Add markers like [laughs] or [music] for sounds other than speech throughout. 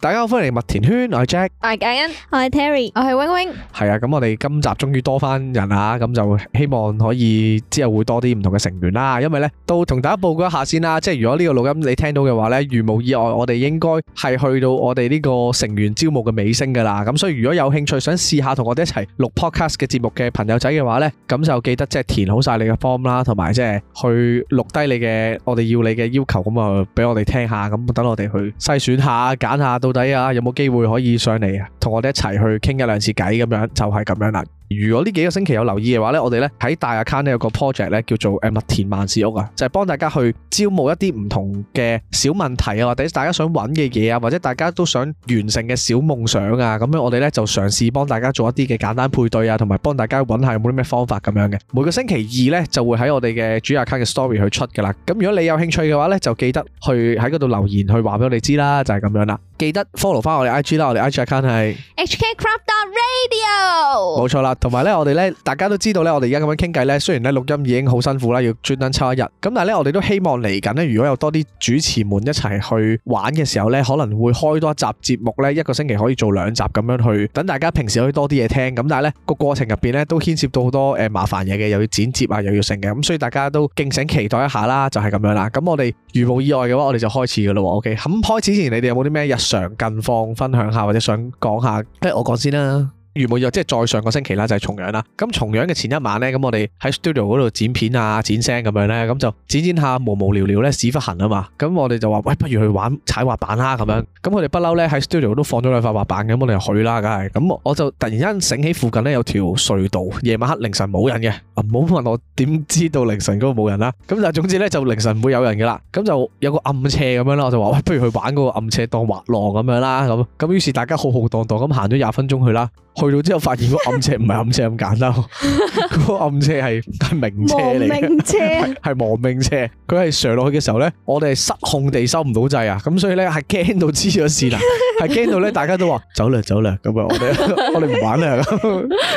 大家好，歡迎嚟麥田圈，我係 Jack，我係 Kayan，我係 Terri，我係 Wing Wing。係啊，咁我哋今集終於多翻人啦，咁就希望可以之後會多啲唔同嘅成員啦。因為咧，都同大家報告一下先啦，即係如果呢個錄音你聽到嘅話咧，如無意外，我哋應該係去到我哋呢個成員招募嘅尾聲噶啦。咁所以如果有興趣想試下同我哋一齊錄 podcast 嘅節目嘅朋友仔嘅話咧，咁就記得即係填好晒你嘅 form 啦，同埋即係去錄低你嘅我哋要你嘅要求，咁啊俾我哋聽下，咁等我哋去篩選下、揀下都。到底啊，有冇機會可以上嚟啊？同我哋一齊去傾一兩次偈咁樣，就係咁樣啦。如果呢幾個星期有留意嘅話呢，我哋呢喺大 account 呢有個 project 呢叫做誒麥田萬事屋啊，就係、是、幫大家去招募一啲唔同嘅小問題啊，或者大家想揾嘅嘢啊，或者大家都想完成嘅小夢想啊，咁樣我哋呢就嘗試幫大家做一啲嘅簡單配對啊，同埋幫大家揾下有冇啲咩方法咁樣嘅。每個星期二呢，就會喺我哋嘅主 account 嘅 story 去出噶啦。咁如果你有興趣嘅話呢，就記得去喺嗰度留言去話俾我哋知啦，就係、是、咁樣啦。記得 follow 翻我哋 IG 啦，我哋 IG account 係 HK crop radio。冇錯啦。同埋咧，我哋咧，大家都知道咧，我哋而家咁樣傾偈咧，雖然咧錄音已經好辛苦啦，要專登抽一日。咁但係咧，我哋都希望嚟緊咧，如果有多啲主持們一齊去玩嘅時候咧，可能會開多一集節目咧，一個星期可以做兩集咁樣去，等大家平時可以多啲嘢聽。咁但係咧，個過程入邊咧都牽涉到好多誒麻煩嘢嘅，又要剪接啊，又要成嘅。咁所以大家都敬請期待一下啦，就係、是、咁樣啦。咁我哋如無意外嘅話，我哋就開始噶啦。OK，咁開始之前，你哋有冇啲咩日常近況分享下，或者想講下？不如我講先啦。如冇若即係再上個星期啦，就係重陽啦。咁重陽嘅前一晚呢，咁我哋喺 studio 嗰度剪片啊、剪聲咁樣呢，咁就剪剪下無無聊聊呢，屎忽痕啊嘛。咁我哋就話：喂，不如去玩踩滑板啦咁樣。咁我哋不嬲呢，喺 studio 都放咗兩塊滑板嘅，咁我哋去啦，梗係。咁我就突然間醒起附近呢有條隧道，夜晚黑凌晨冇人嘅。啊，唔好問我點知道凌晨嗰度冇人啦。咁但係總之呢，就凌晨唔會有人嘅啦。咁就有個暗斜咁樣啦，我就話：喂，不如去玩嗰個暗斜當滑浪咁樣啦。咁咁於是大家浩浩蕩蕩咁行咗廿分鐘去啦，去去到之後發現個暗車唔係暗車咁簡單， [laughs] [laughs] 個暗車係係名車嚟，嘅，亡命車係 [laughs] 亡命車，佢係上落去嘅時候咧，我哋係失控地收唔到掣啊，咁所以咧係驚到黐咗線啦。 [laughs] 係驚到咧，大家都話走啦，走啦，咁啊，我哋 [laughs] [laughs] 我哋唔玩啦，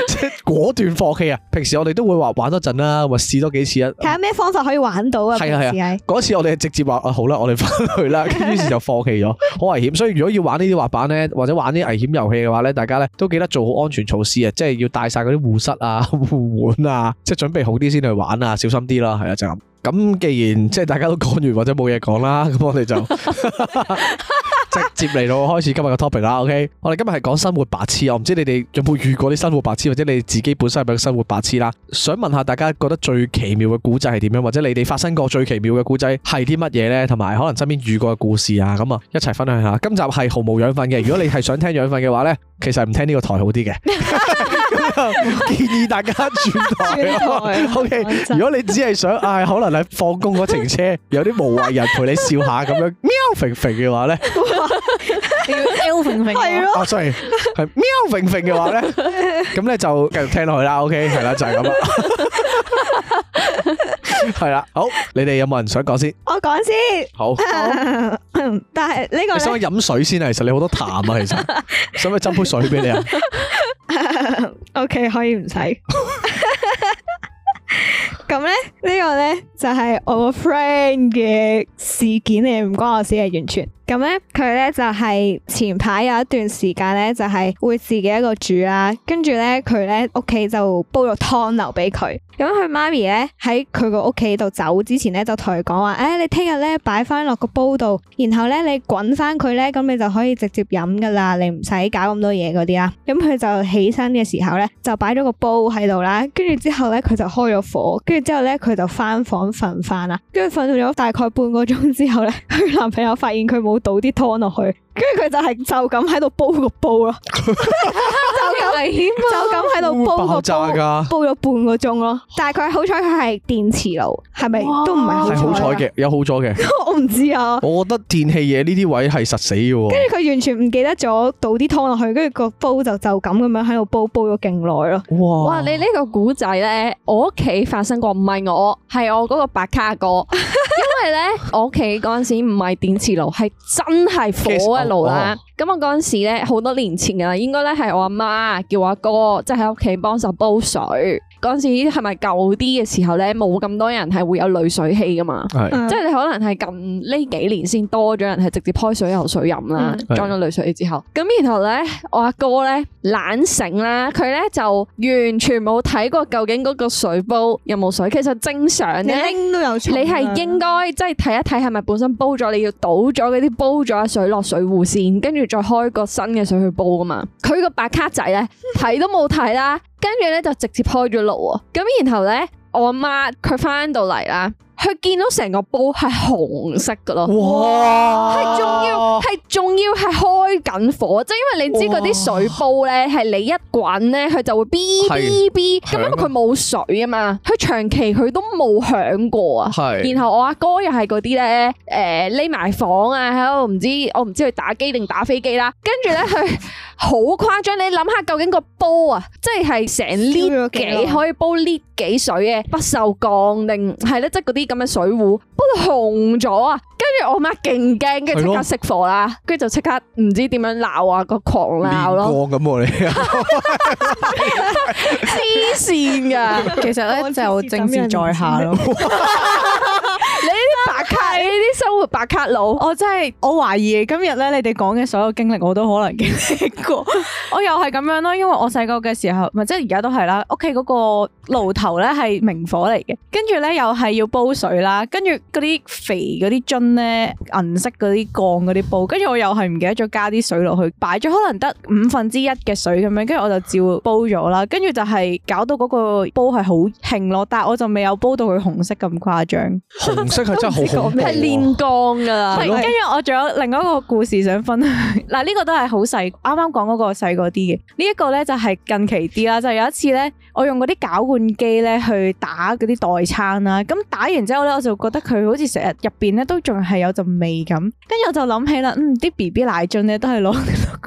即係果斷放棄啊！平時我哋都會話玩多陣啦，或試多幾次啊。睇下咩方法可以玩到啊？係啊係啊，嗰次我哋直接話啊好啦，我哋翻去啦，於是就放棄咗，好 [laughs] 危險。所以如果要玩呢啲滑板咧，或者玩啲危險遊戲嘅話咧，大家咧都記得做好安全措施啊,啊，即係要帶晒嗰啲護膝啊、護腕啊，即係準備好啲先去玩啊，小心啲啦。係啊就咁、是。咁既然即係大家都講完或者冇嘢講啦，咁我哋就。 [laughs] [laughs] 直接嚟到開始今日嘅 topic 啦。OK，我哋今日係講生活白痴，我唔知你哋有冇遇過啲生活白痴，或者你自己本身係咪個生活白痴啦？想問下大家覺得最奇妙嘅古仔係點樣？或者你哋發生過最奇妙嘅古仔係啲乜嘢呢？同埋可能身邊遇過嘅故事啊，咁啊一齊分享下。今集係毫無養分嘅，如果你係想聽養分嘅話呢，其實唔聽呢個台好啲嘅。 [laughs] 建議大家轉台咯。OK，如果你只係想，唉，可能你放工嗰程車，有啲無謂人陪你笑下咁樣，喵肥肥嘅話咧，要 L 肥肥係咯。啊，sorry，係喵肥肥嘅話咧，咁咧就繼續聽落去啦。OK，係啦，就係咁啦。係啦，好，你哋有冇人想講先？我講先。好。但係呢個咧，想唔想飲水先啊？其實你好多痰啊，其實。想唔想斟杯水俾你啊？O、okay, K 可以唔使，咁咧 [laughs] [laughs] 呢、這個呢，就係、是、我個 friend 嘅事件咧，唔關我事係完全。咁咧，佢咧就係前排有一段時間咧，就係會自己一個煮啦。跟住咧，佢咧屋企就煲咗湯留俾佢。咁佢媽咪咧喺佢個屋企度走之前咧，就同佢講話：誒，你聽日咧擺翻落個煲度，然後咧你滾翻佢咧，咁你就可以直接飲噶啦，你唔使搞咁多嘢嗰啲啦。咁佢就起身嘅時候咧，就擺咗個煲喺度啦。跟住之後咧，佢就開咗火，跟住之後咧，佢就翻房瞓翻啦。跟住瞓咗大概半個鐘之後咧，佢男朋友發現佢冇。倒啲湯落去，跟住佢就係就咁喺度煲個煲咯。 [laughs] [laughs] 危險， [laughs] 就咁喺度煲個煲，煲咗半個鐘咯。但係佢好彩，佢係電磁爐，係咪哇都唔係好彩嘅？有好彩嘅， [laughs] 我唔知啊。我覺得電器嘢呢啲位係實死嘅。跟住佢完全唔記得咗倒啲湯落去，跟住個煲就就咁咁樣喺度煲，煲咗勁耐咯。哇，哇！你呢個古仔咧，我屋企發生過，唔係我，係我嗰個白卡哥， [laughs] 因為咧我屋企嗰陣時唔係電磁爐，係真係火嘅爐啦。咁、yes, oh, oh, oh. 我嗰陣時咧好多年前噶啦，應該咧係我阿媽。叫我阿哥，即係喺屋企幫手煲水。嗰陣時係咪舊啲嘅時候咧，冇咁多人係會有濾水器噶嘛？係，即係你可能係近呢幾年先多咗人係直接開水喉水飲啦，嗯、裝咗濾水器之後。咁然後咧，我阿哥咧懶醒啦，佢咧就完全冇睇過究竟嗰個水煲有冇水。其實正常嘅，都有，你係應該即係睇一睇係咪本身煲咗，你要倒咗嗰啲煲咗嘅水落水壺先，跟住再開個新嘅水去煲噶嘛。佢個白卡仔咧睇 [laughs] 都冇睇啦。跟住咧就直接開咗爐喎，咁然後咧我阿媽佢翻到嚟啦。佢見到成個煲係紅色嘅咯，係仲要係仲要係開緊火，即係因為你知嗰啲水煲咧係你一滾咧佢就會嗶嗶嗶，咁因為佢冇水啊嘛，佢長期佢都冇響過啊。然後我阿哥又係嗰啲咧，誒匿埋房啊，喺度唔知我唔知佢打機定打飛機啦。跟住咧佢好誇張，你諗下究竟個煲啊，即係係成呢幾可以煲呢幾水嘅不鏽鋼定係咧，即係嗰啲。咁嘅水壺，驚驚的不過紅咗啊！跟住我媽勁驚，跟住即刻熄火啦，跟住就即刻唔知點樣鬧啊，個狂鬧咯，癲咁嚟，黐線噶，其實咧 [laughs] [laughs] 就正事在下咯。 [laughs] [laughs] 你啲白卡， [laughs] 你啲生活白卡佬。 [laughs] 我真係，我懷疑今日咧，你哋講嘅所有經歷，我都可能經歷過。 [laughs] 我又係咁樣咯，因為我細個嘅時候，咪即係而家都係啦。屋企嗰個爐頭咧係明火嚟嘅，跟住咧又係要煲水啦。跟住嗰啲肥嗰啲樽咧，銀色嗰啲鋼嗰啲煲，跟住我又係唔記得咗加啲水落去，擺咗可能得五分之一嘅水咁樣，跟住我就照煲咗啦。跟住就係搞到嗰個煲係好興咯，但係我就未有煲到佢紅色咁誇張。是真係好，係練鋼㗎啦。跟住我仲有另外一個故事想分享。嗱， [laughs] 呢個都係好細，啱啱講嗰個細嗰啲嘅。呢一個咧就係近期啲啦，就係、有一次咧。我用嗰啲攪拌機咧去打嗰啲代餐啦，咁打完之後咧，我就覺得佢好似成日入邊咧都仲係有陣味咁，跟住我就諗起啦，嗯，啲 B B 奶樽咧都係攞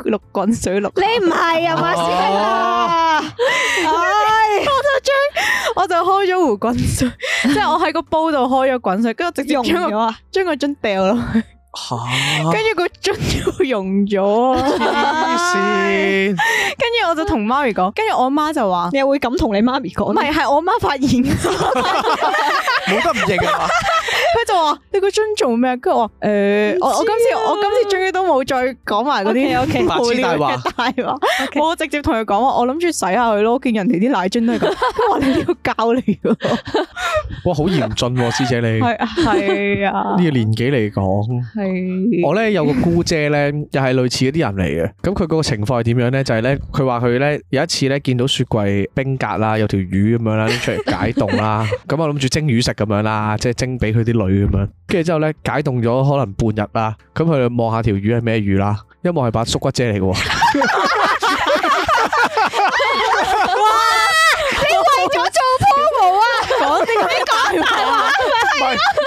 碌滾水碌。滾水你唔係又話先啊？哎，我將，我就開咗壺滾水，啊、即係我喺個煲度開咗滾水，跟住、啊、直接用咗了啊，將個樽掉落去。跟住哈個樽就溶咗先。跟住我就同媽咪講，嗯、媽媽跟住我媽就話：你又會咁同你媽咪講？唔係，係我媽發現，冇得唔認啊！佢就話：你個樽做咩？跟住、欸知啊、我話：誒，我我今次我今次終於都冇再講埋嗰啲大話大話，大話 Okay. 我直接同佢講，我諗住洗下佢咯。見人哋啲奶樽都係咁，我，我都 [laughs] 你要教你咯。哇，好嚴峻、啊，師姐，姐你係 [laughs] 是啊呢個年紀嚟講，係我咧有個姑姐咧，又係類似嗰啲人嚟嘅。咁佢嗰個情況係點樣咧？就係咧，佢話佢咧有一次咧見到雪櫃冰格啦，有條魚咁樣啦拎出嚟解凍啦，咁 [laughs] 我諗住蒸魚食咁樣啦，即係蒸俾佢啲咁樣，跟住之後咧，解凍咗可能半日啦，咁佢望下條魚係咩魚啦，一望係把縮骨遮嚟嘅喎。 [laughs] [laughs]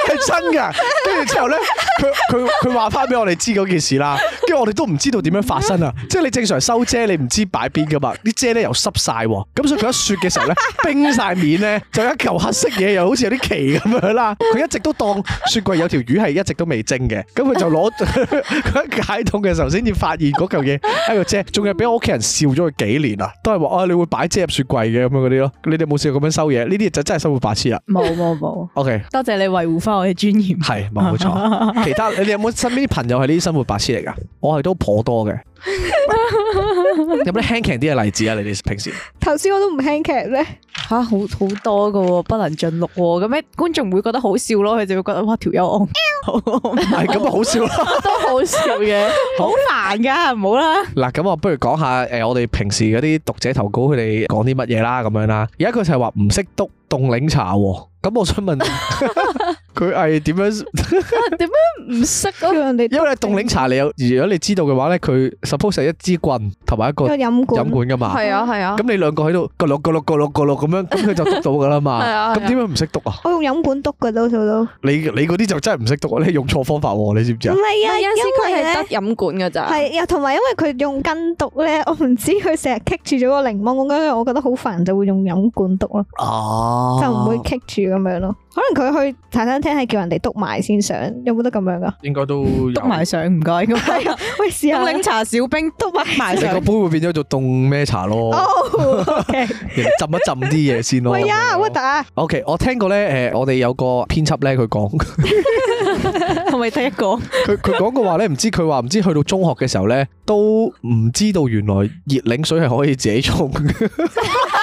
係真噶，跟住之後咧，佢佢佢話翻俾我哋知嗰件事啦。跟住我哋都唔知道點樣發生啊！即係你正常收遮，你唔知擺邊噶嘛？啲遮咧又濕晒，咁所以佢一雪嘅時候咧， [laughs] 冰晒面咧就一球黑色嘢，又好似有啲奇咁樣啦。佢一直都當雪櫃有條魚係一直都未蒸嘅，咁佢就攞佢 [laughs] 一解凍嘅時候先至發現嗰嚿嘢喺個遮，仲要俾我屋企人笑咗佢幾年啊！都係話啊，你會擺遮入雪櫃嘅咁樣嗰啲咯。你哋冇試過咁樣收嘢？呢啲就真係生活白痴啦！冇冇冇。O K，多謝你維護翻我嘅尊嚴，係冇錯。 [laughs] 其他你哋有冇身邊啲朋友係呢啲生活白痴嚟㗎？我係都頗多嘅，有冇啲輕劇啲嘅例子啊？你哋平時頭先我都唔輕劇咧，嚇好好多嘅，不能盡錄喎。咁咧觀眾會覺得好笑咯，佢就會覺得哇，條友憨，唔係咁好笑咯，都好笑嘅，好難㗎，唔好啦。嗱，咁我不如講下誒，我哋平時嗰啲讀者投稿，佢哋講啲乜嘢啦咁樣啦。而家佢就係話唔識篤凍檸茶喎，咁我想問佢係點樣？點樣唔識啊？因為凍檸茶你有，如果你你知道嘅話咧，佢 suppose 係一支棍同埋一個飲管飲管嘅嘛，係啊，係啊。咁你兩個喺度割落割落割落割落咁樣，咁佢就篤到噶啦嘛。啊。咁點解唔識篤啊？我用飲管篤嘅多數都。你你嗰啲就真係唔識篤，你用錯方法喎，你知唔知啊？唔係啊，有佢係得飲管嘅咋。係啊，同埋因為佢為用根篤咧，我唔知佢成日棘住咗個檸檬咁樣，我覺得好煩，就會用飲管篤咯。哦、啊。就唔會棘住咁樣咯。可能佢去茶餐廳係叫人哋督埋先上，有冇得咁樣噶啊？應該都督埋上，唔該。係啊，喂，試下凍檸茶小冰督埋埋。個 [laughs] 杯會變咗做凍咩茶咯？哦 o 浸一浸啲嘢先咯。喂呀 w a t e o k 我聽過咧，誒，我哋有個編輯咧，佢講，可唔可以一個？佢佢講嘅話咧，唔知佢話唔知去到中學嘅時候咧，都唔知道原來熱檸水係可以自己沖。 [laughs]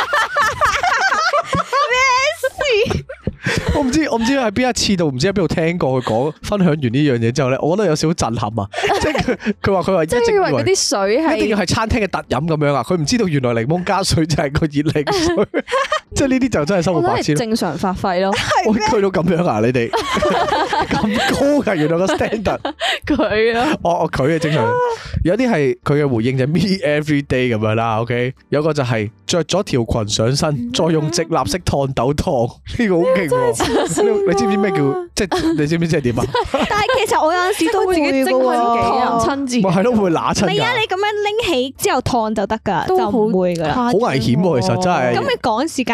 我唔知，我唔知喺邊一次度，唔知喺邊度聽過佢講分享完呢樣嘢之後咧，我覺得有少少震撼啊！即係佢佢話佢話，一直以為嗰啲水係一定要係餐廳嘅特飲咁樣啊！佢唔知道原來檸檬加水就係個熱力水。 [laughs] [laughs] 即係呢啲就真係生活白痴正常發揮咯。嗯，佢到咁樣啊，你哋咁高嘅， [laughs] 原來個 standard 佢啊，哦哦，佢嘅正常，有啲係佢嘅回應就 me every day 咁樣啦，OK，有個就係着咗條裙上身，再用直立式燙斗燙，呢個好勁喎，你知唔知咩叫即係你知唔知即係點啊？ [laughs] 但係其實我有陣時都會自己蒸佢幾下，親自，係咯會揦親噶，唔係啊，你咁樣拎起之後燙就得噶，就唔會噶啦，好危險喎，其實真係，咁 [laughs] 你趕時間。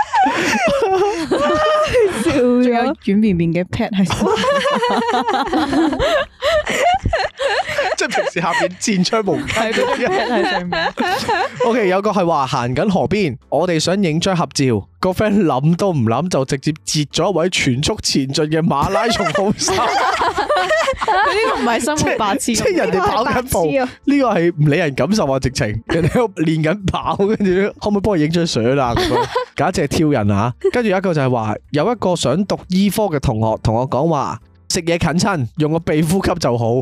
笑咗，仲有軟綿綿嘅 pad 喺，即係平時下邊戰槍無雞。OK，有個係話行緊河邊，我哋想影張合照，個 friend 諗都唔諗就直接截咗一位全速前進嘅馬拉松好手。佢呢個唔係生活白痴，啊，即係人哋跑緊步，呢個係唔理人感受啊！直情人哋喺度練緊跑，跟 [laughs] 住可唔可以幫我影張相啊？簡直係跳。人啊，跟住有一個就係話有一個想讀醫科嘅同學同我講話食嘢啃親用個鼻呼吸就好，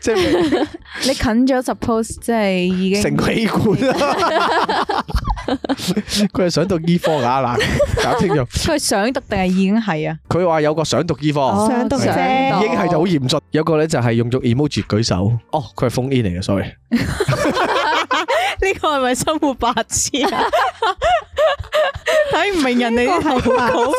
即、 [laughs] 就是、 [laughs] 你啃咗，suppose 即係已經成氣管啦。佢 [laughs] 係 [laughs] 想讀醫科噶嗱、啊，搞清楚。佢 [laughs] 想讀定係已經係啊？佢 [laughs] 話有個想讀醫科，哦、想讀啫，對已經係就好嚴峻。有個咧就係用咗 emoji 舉手，哦，佢係封衣嚟嘅，sorry。 [laughs] 呢個係咪生活白痴啊？睇唔明人哋啲頭髮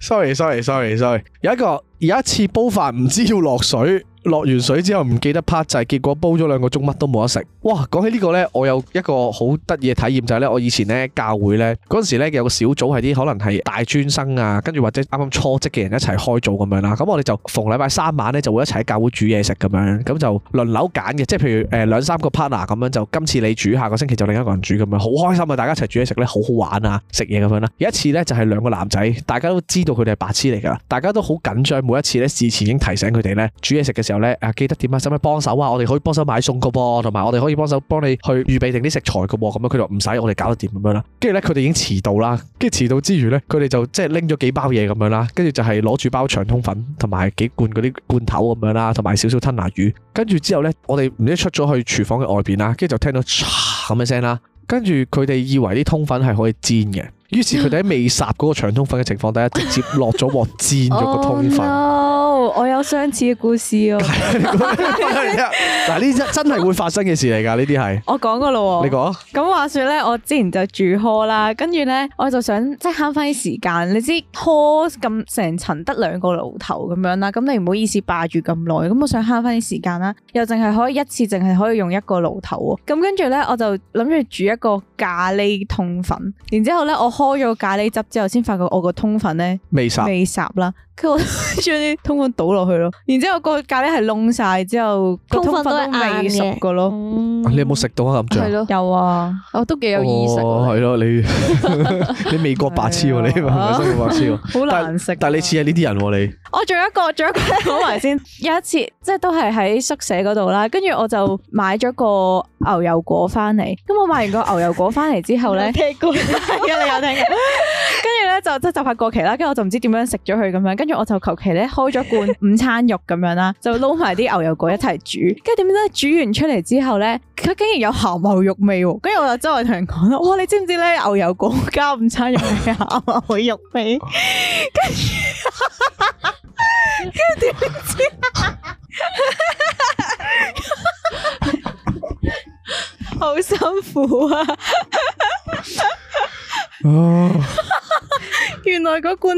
？Sorry，sorry，sorry，sorry。有一個有一次煲飯唔知要落水。落完水之後唔記得烹製，結果煲咗兩個鐘乜都冇得食。哇！講起呢、呢個呢，我有一個好得意嘅體驗就係呢。我以前呢，教會呢嗰陣時呢有個小組係啲可能係大專生啊，跟住或者啱啱初職嘅人一齊開組咁樣啦。咁我哋就逢禮拜三晚呢，就會一齊喺教會煮嘢食咁樣，咁就輪流揀嘅，即係譬如誒、呃、兩三個 partner 咁樣。就今次你煮，下個星期就另一個人煮咁樣，好開心啊！大家一齊煮嘢食呢，好好玩啊，食嘢咁樣啦。有一次呢，就係兩個男仔，大家都知道佢哋係白痴嚟㗎，大家都好緊張。每一次呢，事前已經提醒佢哋呢，煮嘢食嘅時候。咧、啊、記得點啊？使唔使幫手啊？我哋可以幫手買餸個噃，同埋我哋可以幫手幫你去預備定啲食材個噃、啊。咁樣佢就唔使，我哋搞得掂咁樣啦。跟住咧，佢哋已經遲到啦。跟住遲到之餘呢，佢哋就即係拎咗幾包嘢咁樣啦。跟住就係攞住包長通粉同埋幾罐嗰啲罐頭咁樣啦，同埋少少吞拿魚。跟住之後呢，我哋唔知出咗去廚房嘅外邊啦。跟住就聽到嚓咁嘅聲啦。跟住佢哋以為啲通粉係可以煎嘅，於是佢哋喺未烚嗰個長通粉嘅情況底下，直接落咗鑊煎咗個通粉。 [laughs] 我有相似嘅故事咯，嗱，呢真真係會發生嘅事嚟噶，呢啲係我講過咯。你講咁話說咧，我之前就煮坷啦，跟住咧我就想即係慳翻啲時間。你知坷咁成層得兩個爐頭咁樣啦，咁你唔好意思霸住咁耐。咁我想慳翻啲時間啦，又淨係可以一次淨係可以用一個爐頭。咁跟住咧，我就諗住煮一個咖喱通粉。然之後咧，我開咗咖喱汁之後，先發覺我個通粉咧未霎，未霎啦。佢我將啲通粉倒落去咯，然之後個咖喱係燙曬之後，通粉都未熟嘅咯。你有冇食到啊？咁長？係咯，有啊，我都幾有意識。係咯，你你味覺白痴喎，你係咪真係白痴？好難食。但係你似係呢啲人喎，你。我仲有一個，仲有一個，再講埋先。有一次，即係都係喺宿舍嗰度啦，跟住我就買咗個牛油果翻嚟。咁我買完個牛油果翻嚟之後咧，聽過係啊，你有聽嘅。跟住咧就即係就快過期啦，跟住我就唔知點樣食咗佢咁樣跟。跟住我就求其咧，開咗罐午餐肉咁樣啦，就撈埋啲牛油果一齊煮，跟住點咧？煮完出嚟之後咧，佢竟然有鹹牛肉味，跟住我就周圍同人講啦：「哇，你知唔知咧牛油果加午餐肉係鹹牛肉味？跟住，跟住點知？ [laughs] [laughs] 好辛苦啊！哦， [laughs] 原來嗰罐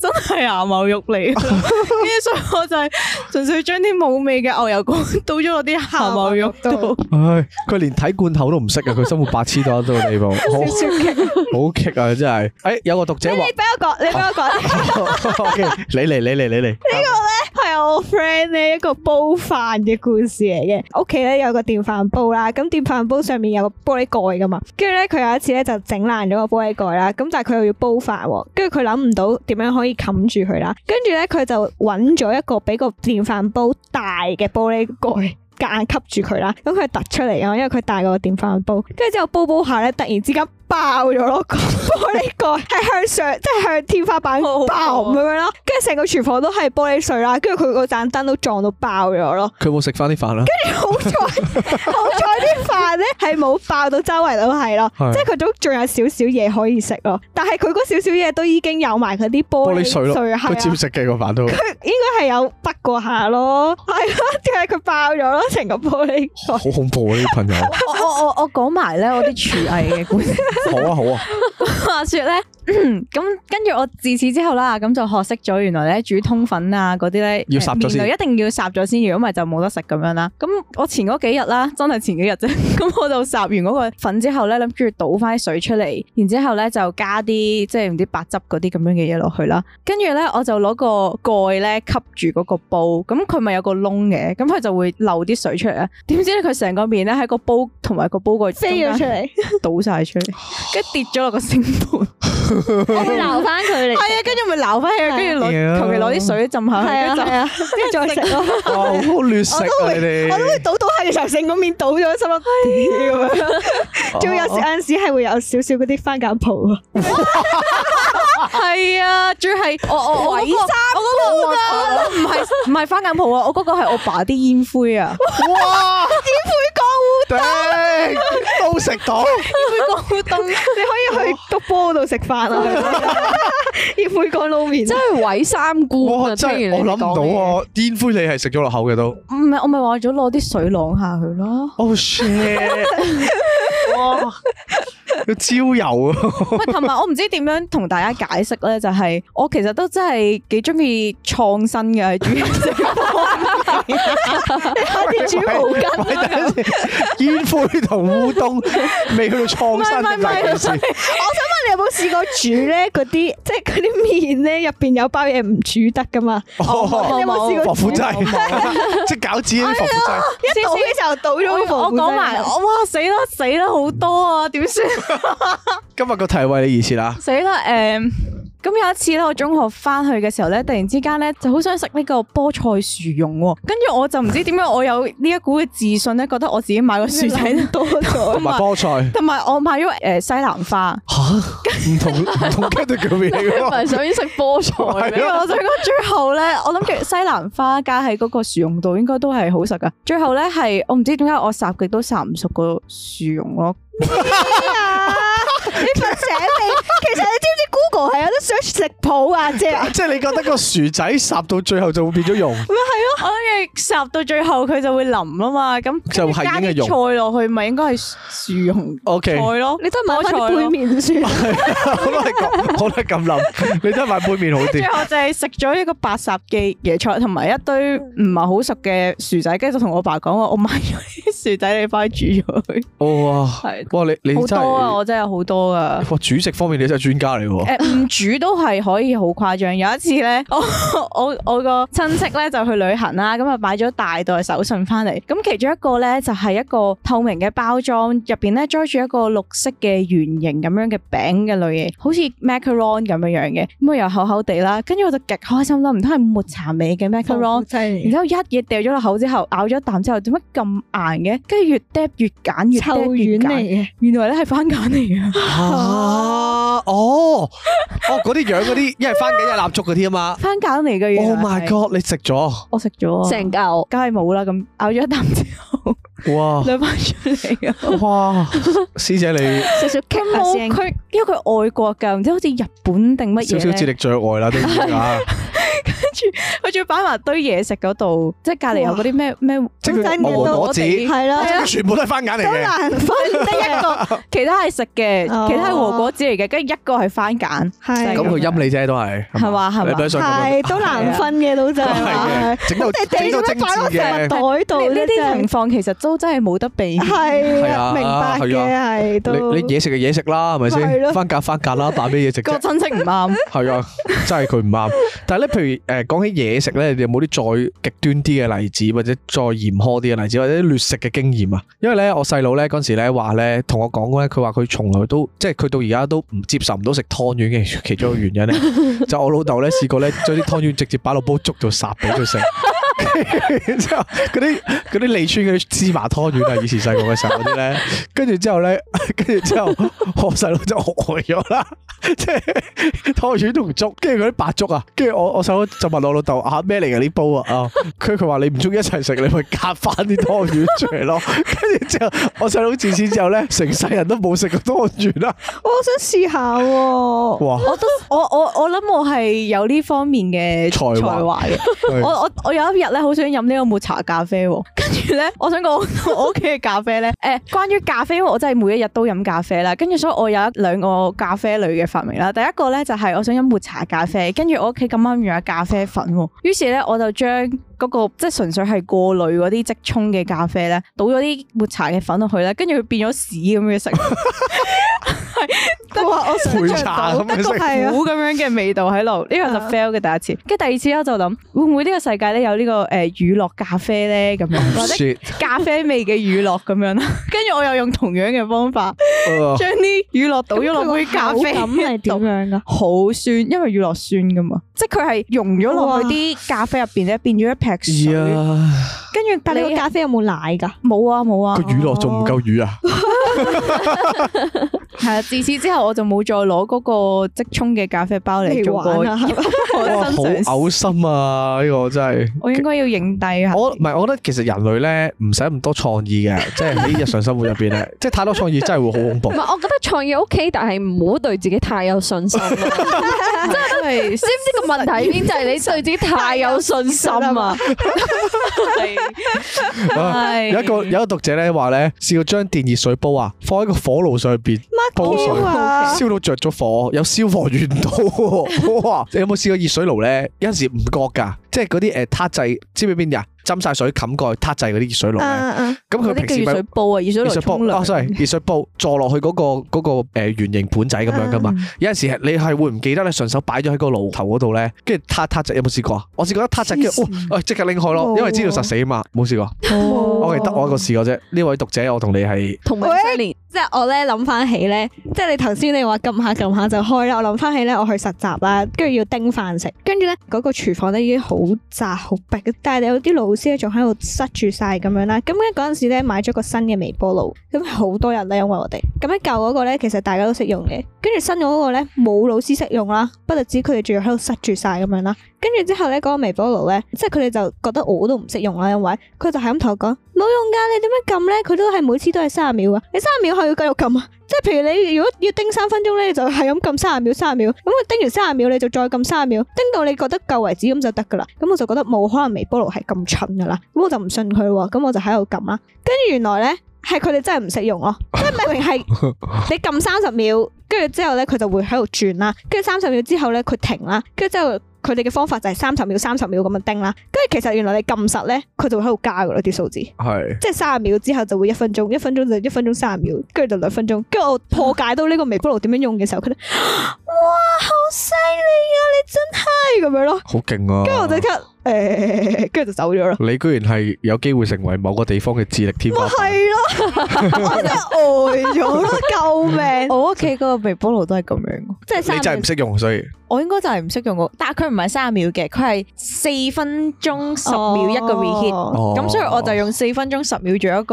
真係鹹牛肉嚟， [laughs] 所以我就係純粹將啲冇味嘅牛油罐倒咗落啲鹹牛肉度。唉、啊，佢連睇罐頭都唔識啊！佢生活白痴到度嘅地步，好，好激啊！真係，誒、欸，有個讀者話，誒，你俾我講、啊，你俾我講，你嚟，你嚟，你嚟。這個 嗯係啊，我 friend 咧，一個煲飯嘅故事嚟嘅，屋企咧有個電飯煲啦，咁電飯煲上面有個玻璃蓋噶嘛，跟住咧佢有一次咧就整爛咗個玻璃蓋啦，咁但係佢又要煲飯，跟住佢諗唔到點樣可以冚住佢啦，跟住咧佢就揾咗一個比個電飯煲大嘅玻璃蓋，夾硬吸住佢啦，咁佢突出嚟啊，因為佢大過個電飯煲，跟住之後煲煲下咧，突然之間。爆咗咯！玻璃蓋係向上，即係向天花板爆咁樣咯，跟住成個廚房都係玻璃碎啦，跟住佢嗰盞燈都撞到爆咗咯。佢冇食翻啲飯啦。跟住好彩，好彩啲飯咧係冇爆到周圍都係咯，即係佢都仲有少少嘢可以食咯。但係佢嗰少少嘢都已經有埋佢啲玻璃碎咯。佢照食嘅個飯都。佢應該係有剝過下咯，係咯，只係佢爆咗咯，成個玻璃蓋，好恐怖啊！呢啲朋友。我我我講埋咧，我啲廚藝嘅。故事好啊，好啊。話說咧。咁咳咳跟住我自此之後啦，咁就學識咗原來咧煮通粉啊嗰啲咧麵一定要霎咗先，如果唔係就冇得食咁樣啦。咁我前嗰幾日啦，真係前幾日啫。咁我就霎完嗰個粉之後咧，諗住倒翻水出嚟，然之後咧就加啲即係用啲白汁嗰啲咁樣嘅嘢落去啦。跟住咧我就攞個蓋咧吸住嗰個煲，咁佢咪有個窿嘅，咁佢就會漏啲水出嚟。點知咧佢成個麵咧喺個煲同埋個煲蓋飛咗出嚟， [laughs] 倒晒出嚟，跟住跌咗落個星盤。 [laughs] [laughs] 我會撈翻佢嚟，係啊，跟住咪撈翻佢，跟住攞，求其攞啲水浸下，係啊，跟住再食咯。好亂食啊，我都會倒倒下嘅，成個麵倒咗一濕咯。係啊，仲有陣時係會有少少嗰啲番梘泡啊。係啊，仲要係我我我我嗰個唔係唔係番梘泡啊，我嗰個係我爸啲煙灰啊。哇，煙灰個烏都食到，你可以去篤波度食飯啊！煙灰缸撈麵真係毀三觀，真係我諗唔到啊！煙灰你係食咗落口嘅都，唔係我咪話咗攞啲水晾下佢咯？哦 shit 佢超油啊！喂，同埋我唔知點樣同大家解釋咧，就係我其實都真係幾中意創新嘅煮食，你睇煮毛巾，煙灰。同烏冬未去到創新。 [laughs] [laughs] 我想問你有冇試過煮咧嗰啲，即係嗰啲麵咧入邊有包嘢唔煮得噶嘛？Oh, 有冇試過？防腐劑， [laughs] 即係餃子咧，防腐劑。一倒呢時候倒咗我講埋，我哇死啦死啦好多啊，點算？ [laughs] 今日個題為你而設啊！死啦誒～、um, 咁有一次咧，我中學翻去嘅時候咧，突然之間咧就好想食呢個菠菜薯蓉，喔，跟住我就唔知點解我有呢一股嘅自信咧，覺得我自己買個薯仔多咗，同埋 [laughs] 菠菜，同埋我買咗誒西蘭花吓，唔、啊、 [laughs] 同唔同 g 唔係想食菠菜 [laughs] 就、啊，我想講最後咧，我諗西蘭花加喺嗰個薯蓉度應該都係好食噶。最後咧係我唔知點解我烚極都烚唔熟個薯蓉咯。 [laughs] [laughs] 你瞓醒你，其實你知唔知 Google 係有啲 search 食譜啊？即係即係你覺得個薯仔烚到最後就會變咗蓉？咪係咯，烚到最後佢就會腍啦嘛。咁就加啲菜落去，咪應該係薯蓉菜咯。你真係買翻杯麪算。我都係講，我都係咁諗。你真係買杯麪好啲。最後就係食咗一個白烚嘅椰菜，同埋一堆唔係好熟嘅薯仔，跟住就同我爸講話：我買咗啲薯仔你翻去煮咗佢。哇！係哇，你你好多啊！我真係好多。哇！煮食方面你真係專家嚟喎。唔、呃、煮都係可以好誇張。有一次咧，我我我個親戚咧就去旅行啦，咁啊買咗大袋手信翻嚟。咁其中一個咧就係一個透明嘅包裝，入邊咧裝住一個綠色嘅圓形咁樣嘅餅嘅類型，好似 macaron 咁樣樣嘅。咁啊又厚厚地啦，跟住我就極開心啦。唔通係抹茶味嘅 macaron？真係。然之後一嘢掉咗落口之後，咬咗一啖之後，點解咁硬嘅？跟住越噠越揀越，越臭丸嚟嘅。原來咧係番梘嚟啊！啊！哦， [laughs] 哦，嗰啲樣嗰啲，因為番梘，有係蠟燭嘅添啊嘛，番梘嚟嘅嘢。Oh my god！你食咗？我食咗成嚿，梗係冇啦，咁咬咗一啖之後。 [laughs] 哇！兩把出嚟噶哇，師姐你少少激毛佢，因為佢外國噶，唔知好似日本定乜嘢？少少致力最愛啦，都而家。跟住佢仲要擺埋堆嘢食嗰度，即係隔籬有嗰啲咩咩……花生、和果子係啦，全部都係番梘嚟嘅，都難分。即係一個，其他係食嘅，其他係和果子嚟嘅，跟住一個係番梘。係咁佢陰你啫，都係係嘛？係咪？係都難分嘅老細，整到地底都擺喺個袋度，呢啲情況其實都。都真係冇得避，係啊，明白係啊，係。你你嘢食就嘢食啦，係咪先？翻格翻格啦，打咩嘢食？個親戚唔啱，係啊，真係佢唔啱。但係咧，譬如誒，講起嘢食咧，你有冇啲再極端啲嘅例子，或者再嚴苛啲嘅例，例子，或者劣食嘅經驗啊？因為咧，我細佬咧嗰時咧話咧，同我講咧，佢話佢從來都即係佢到而家都唔接受唔到食湯圓嘅其中一個原因咧， [laughs] 就我老豆咧試過咧將啲湯圓直接擺落煲粥度烚俾佢食。 [laughs] [laughs] 然之後，嗰啲啲利川嘅芝麻湯圓啊，以前細個嘅時候嗰啲咧，跟住之後咧，跟住之後我細佬就學咗啦，即係湯圓同粥，跟住嗰啲白粥啊，跟住我我細佬就問我老豆啊咩嚟㗎呢煲啊？啊，跟住佢話你唔中意一齊食，你咪夾翻啲湯圓出嚟咯。跟住之後我細佬自此之後咧，成世人都冇食過湯圓啦。我想試下喎、哦哇，我都我我我諗我係有呢方面嘅才華嘅。我我我有一日。好想飲呢個抹茶咖啡，跟住咧我想講我屋企嘅咖啡咧，誒、欸，關於咖啡我真係每一日都飲咖啡啦，跟住所以我有一兩個咖啡類嘅發明啦，第一個咧就係、是、我想飲抹茶咖啡，跟住我屋企咁啱有咖啡粉，於是咧我就將嗰、那個即係純粹係過濾嗰啲即沖嘅咖啡咧，倒咗啲抹茶嘅粉落去啦，跟住佢變咗屎咁嘅食。 [laughs] 我話我食咗咁個苦咁樣嘅味道喺度，呢個就 fail 嘅第一次。跟住第二次我就諗會唔會呢個世界咧有呢個誒乳酪咖啡咧咁樣，或者咖啡味嘅乳酪咁樣啦。跟住我又用同樣嘅方法，將啲乳酪倒咗落杯咖啡，咁係點樣噶？好酸，因為乳酪酸噶嘛，即係佢係溶咗落去啲咖啡入邊咧，變咗一劈水。跟住，但你個咖啡有冇奶噶？冇啊，冇啊。個乳酪仲唔夠乳啊？係啊。自此之後，我就冇再攞嗰個即沖嘅咖啡包嚟做過。我話好嘔心啊！呢、呢個真係我應該要認低啊！我唔係，我覺得其實人類咧唔使咁多創意嘅，即係喺日常生活入邊咧，即係太多創意真係會好恐怖。唔係，我覺得創意 OK，但係唔好對自己太有信心。真係，知唔知個問題邊就係、是、你對自己太有信心啊？係、哎、有一個有一個讀者咧話咧，試過將電熱水煲啊放喺個火爐上邊。燒到着咗火，有消防員到，哇！你有冇試過熱水爐咧？有陣時唔覺噶，即係嗰啲誒，撻制知唔知邊啊？斟晒水，冚蓋撻制嗰啲熱水爐咧。咁佢平時咪熱水煲啊？熱水煲哦，sorry，熱水煲坐落去嗰個嗰個誒圓形盤仔咁樣噶嘛。有陣時你係會唔記得咧，順手擺咗喺個爐頭嗰度咧，跟住撻撻制。有冇試過啊？我試過一撻制，跟住哇，即刻拎開咯，因為知道實死啊嘛，冇試過。我係得我一個試過啫。呢位讀者，我同你係同命即係我咧諗翻起咧，即係你頭先你話撳下撳下就開啦。我諗翻起咧，我去實習啦，跟住要叮飯食，跟住咧嗰個廚房咧已經好窄好逼，但係有啲老師咧仲喺度塞住晒咁樣啦。咁咧嗰陣時咧買咗個新嘅微波爐，咁好多人咧，因為我哋咁喺舊嗰個咧其實大家都識用嘅，跟住新嗰個咧冇老師識用啦，不特止佢哋仲要喺度塞住晒咁樣啦。跟住之後咧，嗰個微波爐咧，即係佢哋就覺得我都唔識用啦，因為佢就係咁同我講冇用噶，你點樣撳咧？佢都係每次都係三十秒噶，你三十秒後要繼續撳啊！即係譬如你如果要叮三分鐘咧，你就係咁撳三十秒、三十秒，咁佢叮完三十秒你就再撳三十秒，叮到你覺得夠為止咁就得噶啦。咁我就覺得冇可能微波爐係咁蠢噶啦，咁我就唔信佢喎，咁我就喺度撳啦。跟住原來咧係佢哋真係唔識用咯，即係明明係你撳三十秒，跟住之後咧佢就會喺度轉啦，跟住三十秒之後咧佢停啦，跟住之後。佢哋嘅方法就係三十秒，三十秒、三十秒咁樣叮啦，跟住其實原來你撳實咧，佢就會喺度加噶啦啲數字，係是即係三十秒之後就會一分鐘，一分鐘就一分鐘三十秒，跟住就兩分鐘。跟住我破解到呢個微波爐點樣用嘅時候，佢咧。啊哇，好犀利啊！你真係咁樣咯，好勁啊！跟住我即刻誒，跟住就走咗啦。你居然係有機會成為某個地方嘅智力天王，係咯，我真係呆咗咯！救命！我屋企個微波爐都係咁樣，即係三十秒，你真係唔識用，所以我應該就係唔識用嘅。但係佢唔係三十秒嘅，佢係四分鐘十秒一個 reheat，咁所以我就用四分鐘十秒做一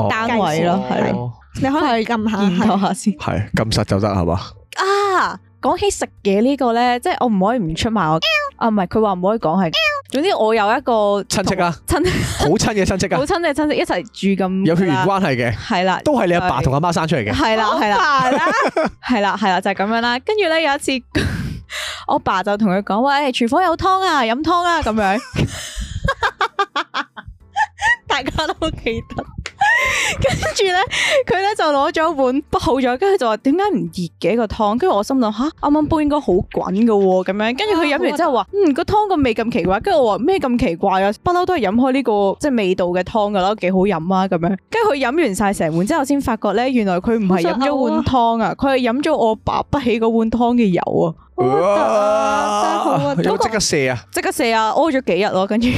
個單位咯。係，你可能去撳下睇下先，係撳實就得係嘛？啊！講起食嘢呢、呢個咧，即係我唔可以唔出賣我，啊唔係佢話唔可以講係，總之我有一個親戚啊，親好親嘅親戚啊，好親嘅親戚、啊、一齊住咁，有血緣關係嘅係啦，的對都係你阿爸同阿媽生出嚟嘅，係啦係啦係啦係啦就係、是、咁樣啦，跟住咧有一次 [laughs] 我爸就同佢講喂，廚房有湯啊，飲湯啊咁樣， [laughs] [laughs] 大家都好記得。 [laughs] 跟住咧，佢咧就攞咗碗煲好咗，跟住就話點解唔熱嘅個湯？跟住我心諗吓，啱、啊、啱煲應該好滾噶，咁樣。跟住佢飲完之後話，嗯，個湯個味咁奇怪。跟住我話咩咁奇怪啊？不嬲都係飲開呢、這個即係味道嘅湯噶啦，幾好飲啊咁樣。跟住佢飲完曬成碗之後，先發覺咧，原來佢唔係飲咗碗湯啊，佢係飲咗我爸潷起嗰碗湯嘅油啊。哇！哇好即刻射啊！即刻射啊！屙咗幾日咯，跟住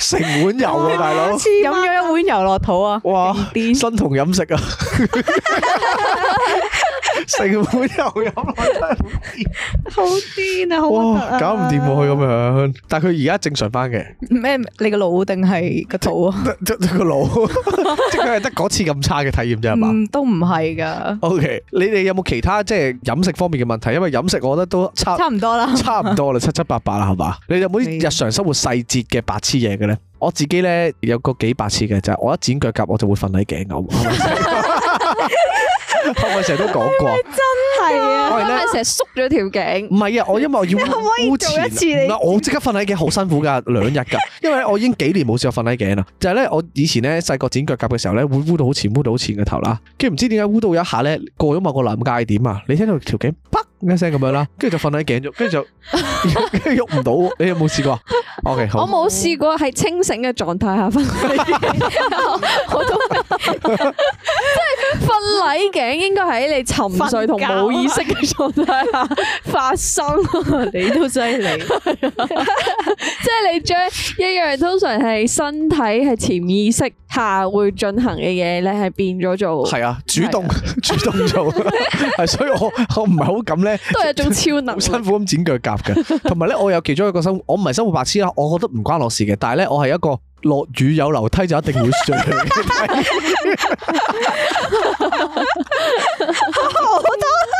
成碗油啊，大佬！飲咗一碗油落肚啊！哇！癲訝！身同飲食啊！ [laughs] [laughs] 食日又飲落真係好癲，好癲啊！哇，搞唔掂喎，咁樣。但係佢而家正常翻嘅。咩？你個腦定係個肚啊？個腦，即係佢係得嗰次咁差嘅體驗啫，係嘛？嗯，都唔係噶。O K，你哋有冇其他即係飲食方面嘅問題？因為飲食我覺得都差差唔多啦，差唔多啦，七七八八啦，係嘛？你有冇啲日常生活細節嘅白痴嘢嘅咧？我自己咧有個幾白痴嘅就係、是、我一剪腳甲，我就會瞓喺頸度。 [laughs] [laughs] 我咪成日都講過，真係啊！我咪成日縮咗條頸。唔係啊，我因為我要唔可以做一次？唔係我即刻瞓喺頸好辛苦噶，兩日噶。因為咧我已經幾年冇試過瞓喺頸啦。就係咧我以前咧細個剪腳甲嘅時候咧會污到好前污到好前嘅頭啦。跟住唔知點解污到一下咧過咗某個臨界點啊！你聽到條頸？一聲咁樣啦，跟住就瞓喺頸度，跟住就跟住喐唔到。你有冇試過？Okay, 我冇試過喺清醒嘅狀態下瞓 [laughs] [laughs] 我都 [laughs] 即係瞓禮頸，禮應該喺你沉睡同冇意識嘅狀態下發生。 [laughs] [laughs] 你都犀利， [laughs] [laughs] 即係你將一樣通常係身體係潛意識下會進行嘅嘢，你係變咗做係啊 [laughs] 主動主動做。係 [laughs] [laughs] [laughs] 所以我我唔係好敢。都係一種超能力， [laughs] 好辛苦咁剪腳甲嘅，同埋咧，我有其中一個生活，我唔係生活白痴啦，我覺得唔關我事嘅，但係咧，我係一個。落雨有樓梯就一定會碎，好多係。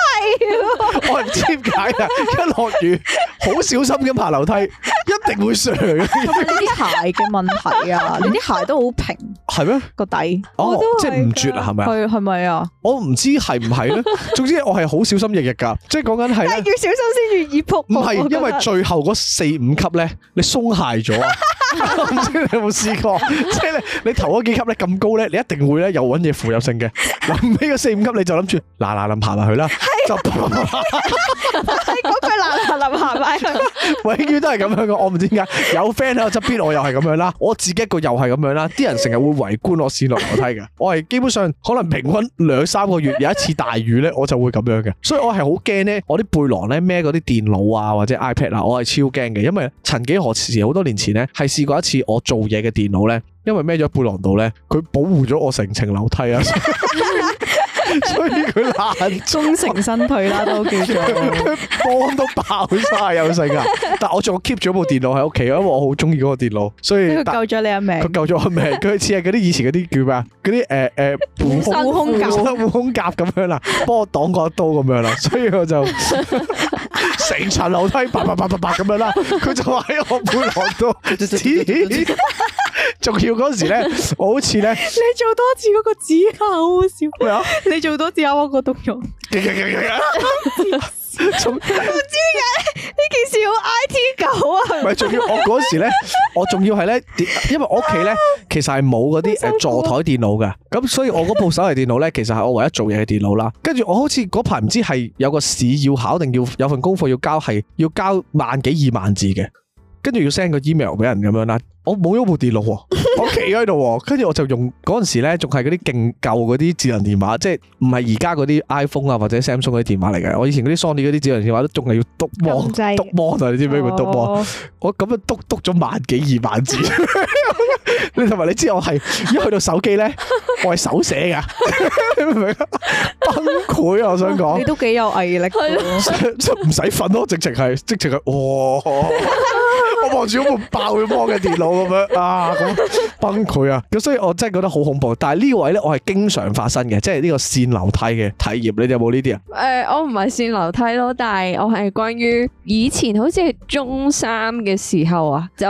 我唔知點解呀，一落雨好小心咁爬樓梯，一定會碎。咁呢啲鞋嘅問題啊，連啲鞋都好平，係咩個底？哦，即係唔絕啊，係咪啊？係係咪啊？我唔知係唔係咧。總之我係好小心翼翼噶，即係講緊係要小心先越易仆。唔係，因為最後嗰四五級咧，你鬆懈咗啊。冇試過，即係你，你投咗幾級咧咁高咧，你一定會咧又揾嘢負有入性嘅。唔起個四五級，你就諗住嗱嗱臨行埋去啦，就嗱嗱臨行埋去。永遠都係咁樣嘅。我唔知點解有 friend 喺側邊，我又係咁樣啦。我自己一個又係咁樣啦。啲人成日會圍觀我瀡落樓梯嘅。我係基本上可能平均兩三個月有一次大雨咧，我就會咁樣嘅。所以我係好驚咧，我啲背囊咧孭嗰啲電腦啊或者 iPad 啦，我係超驚嘅。因為曾幾何時好多年前咧，係試過一次我做嘢。你嘅電腦咧，因為孭咗背囊度咧，佢保護咗我成程樓梯啊， [laughs] 所以佢難 [laughs] 忠誠身退啦，都冇錯，佢幫都爆晒，有成格。但我仲 keep 咗部電腦喺屋企，啊！因為我好中意嗰個電腦，所以佢救咗你一命，佢救咗我命，佢似係嗰啲以前嗰啲叫咩啊？嗰啲誒誒護空甲護空甲咁樣啦，幫我擋過一刀咁樣啦，所以我就。 [laughs] [laughs] 成層樓梯白白白白白，八八八八八咁樣啦，佢就話喺我背落度。仲要嗰時咧，我好似咧，你做多次嗰個指甲好好笑。麼你做多次剛剛我個動作。 [laughs] [laughs] 咁唔 [laughs] 知點解呢？ [laughs] 呢件事要 I T 狗啊！唔係，仲要我嗰時咧， [laughs] 我仲要係咧，因為我屋企咧，其實係冇嗰啲誒座台電腦嘅，咁所以我嗰部手提電腦咧，其實係我唯一做嘢嘅電腦啦。跟住我好似嗰排唔知係有個試要考，定要有份功課要交，係要交萬幾二萬字嘅，跟住要 send 個 email 俾人咁樣啦。我冇咗部電腦喎，我企喺度喎，跟住我就用嗰陣時咧，仲係嗰啲勁舊嗰啲智能電話，即係唔係而家嗰啲 iPhone 啊或者 Samsung 嗰啲電話嚟嘅。我以前嗰啲 Sony 嗰啲智能電話都仲係要篤芒，篤芒啊！你知唔知佢叫篤芒？我咁樣督篤咗萬幾二萬字， [laughs] 你同埋你知我係一去到手機咧，我係手寫噶， [laughs] 你明唔明？崩潰啊！我想講，你都幾有毅力咯，唔使瞓咯，直情係，直情係哦。 [laughs] 我望住一部爆咗芒嘅電腦咁樣啊，咁崩潰啊！咁所以我真係覺得好恐怖。但係呢位咧，我係經常發生嘅，即係呢個跣樓梯嘅體驗，你哋有冇呢啲啊？誒、呃，我唔係跣樓梯咯，但係我係關於以前好似係中三嘅時候啊，就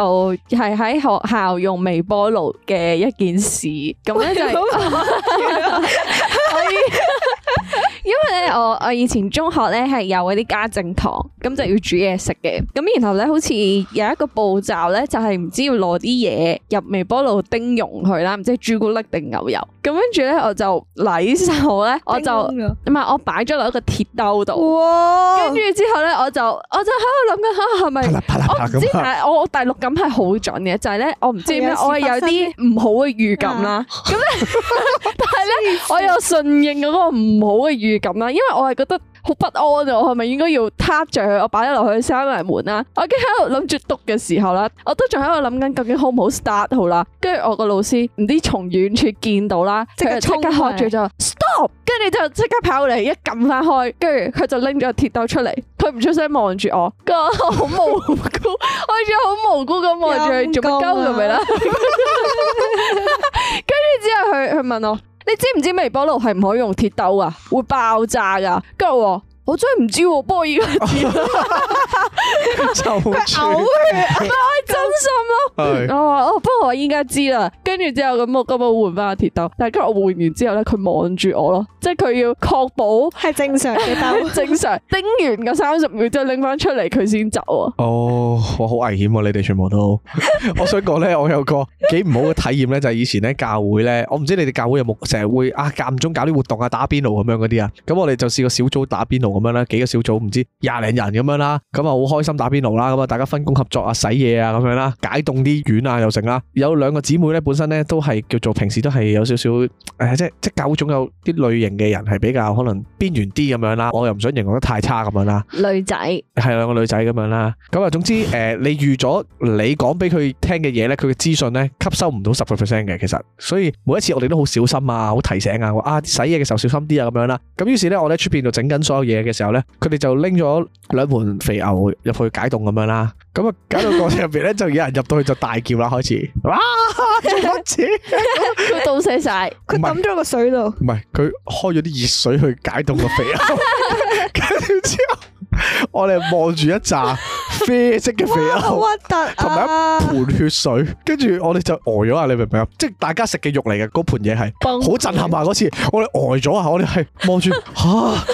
係、是、喺學校用微波爐嘅一件事。咁咧就係、是。 [laughs] [laughs] [laughs] 因為咧，我我以前中學咧係有嗰啲家政堂，咁就要煮嘢食嘅。咁然後咧，好似有一個步驟咧，就係唔知要攞啲嘢入微波爐叮融佢啦，唔知係朱古力定牛油。咁跟住咧，我就禮手咧，我就唔、是、係我擺咗落一個鐵兜度。哇！跟住之後咧，我就我就喺度諗緊，吓係咪啪啦啪啦啪咁？我我第六感係好準嘅，就係咧，我唔知點解，我係有啲唔好嘅預感啦。咁咧、啊。 [laughs] [laughs] 係咧，我有順應嗰個唔好嘅預感啦，因為我係覺得好不安啊，我係咪應該要撻着佢？我擺咗落去閂埋門啦？我已經喺度諗住篤嘅時候啦，我都仲喺度諗緊究竟會會好唔好 start 好啦。跟住我個老師唔知從遠處見到啦，即刻即刻喝住的就 stop，跟住就即刻跑嚟一撳翻開，跟住佢就拎咗個鐵兜出嚟，佢唔出聲望住我，個好無辜， [laughs] 我仲好無辜咁望住佢。啊、做鳩咁咪啦。跟住 [laughs] [laughs] 之後佢佢問我。你知唔知微波爐係唔可以用鐵兜啊？會爆炸㗎。跟住我我真係唔知喎，不過而家知啦，就嘔血啊！真心咯，我話哦，不過我而家知啦，跟住之後咁我咁我換翻個鐵兜，但係今日我換完之後咧，佢望住我咯，即係佢要確保係正常嘅兜，正常叮完個三十秒之後拎翻出嚟佢先走、 [laughs] 哦、啊！哦，我好危險，你哋全部都 [laughs] 我我、就是，我想講咧，我有個幾唔好嘅體驗咧，就係以前咧教會咧，我唔知你哋教會有冇成日會啊間唔中搞啲活動啊打邊爐咁樣嗰啲啊，咁我哋就試過小組打邊爐。咁樣咧，幾個小組唔知廿零人咁樣啦，咁啊好開心打邊爐啦，咁啊大家分工合作啊，洗嘢啊咁樣啦，解凍啲丸啊又成啦。有兩個姊妹咧，本身咧都係叫做平時都係有少少誒，即係即係教會總有啲類型嘅人係比較可能邊緣啲咁樣啦。我又唔想形容得太差咁樣啦。女仔係兩個女仔咁樣啦。咁啊，總之誒、呃，你預咗你講俾佢聽嘅嘢咧，佢嘅資訊咧吸收唔到十個 percent 嘅，其實。所以每一次我哋都好小心啊，好提醒啊，話啊洗嘢嘅時候小心啲啊，咁樣啦。咁於是咧，我喺出邊就整緊所有嘢。嘅時候咧，佢哋就拎咗兩盤肥牛入去解凍咁樣啦，咁啊解凍過程入邊咧， [laughs] 就有人入到去就大叫啦，開始啊！哇乜事？佢倒 [laughs] 死晒，佢抌咗個水度。唔係，佢開咗啲熱水去解凍個肥牛。跟住 [laughs] [laughs] 之後，我哋望住一扎啡色嘅肥牛，核突啊！同埋一盤血水，跟住我哋就呆咗啊！你明唔明啊？即係大家食嘅肉嚟嘅嗰盤嘢係，好震撼啊！嗰次我哋呆咗啊！我哋係望住吓。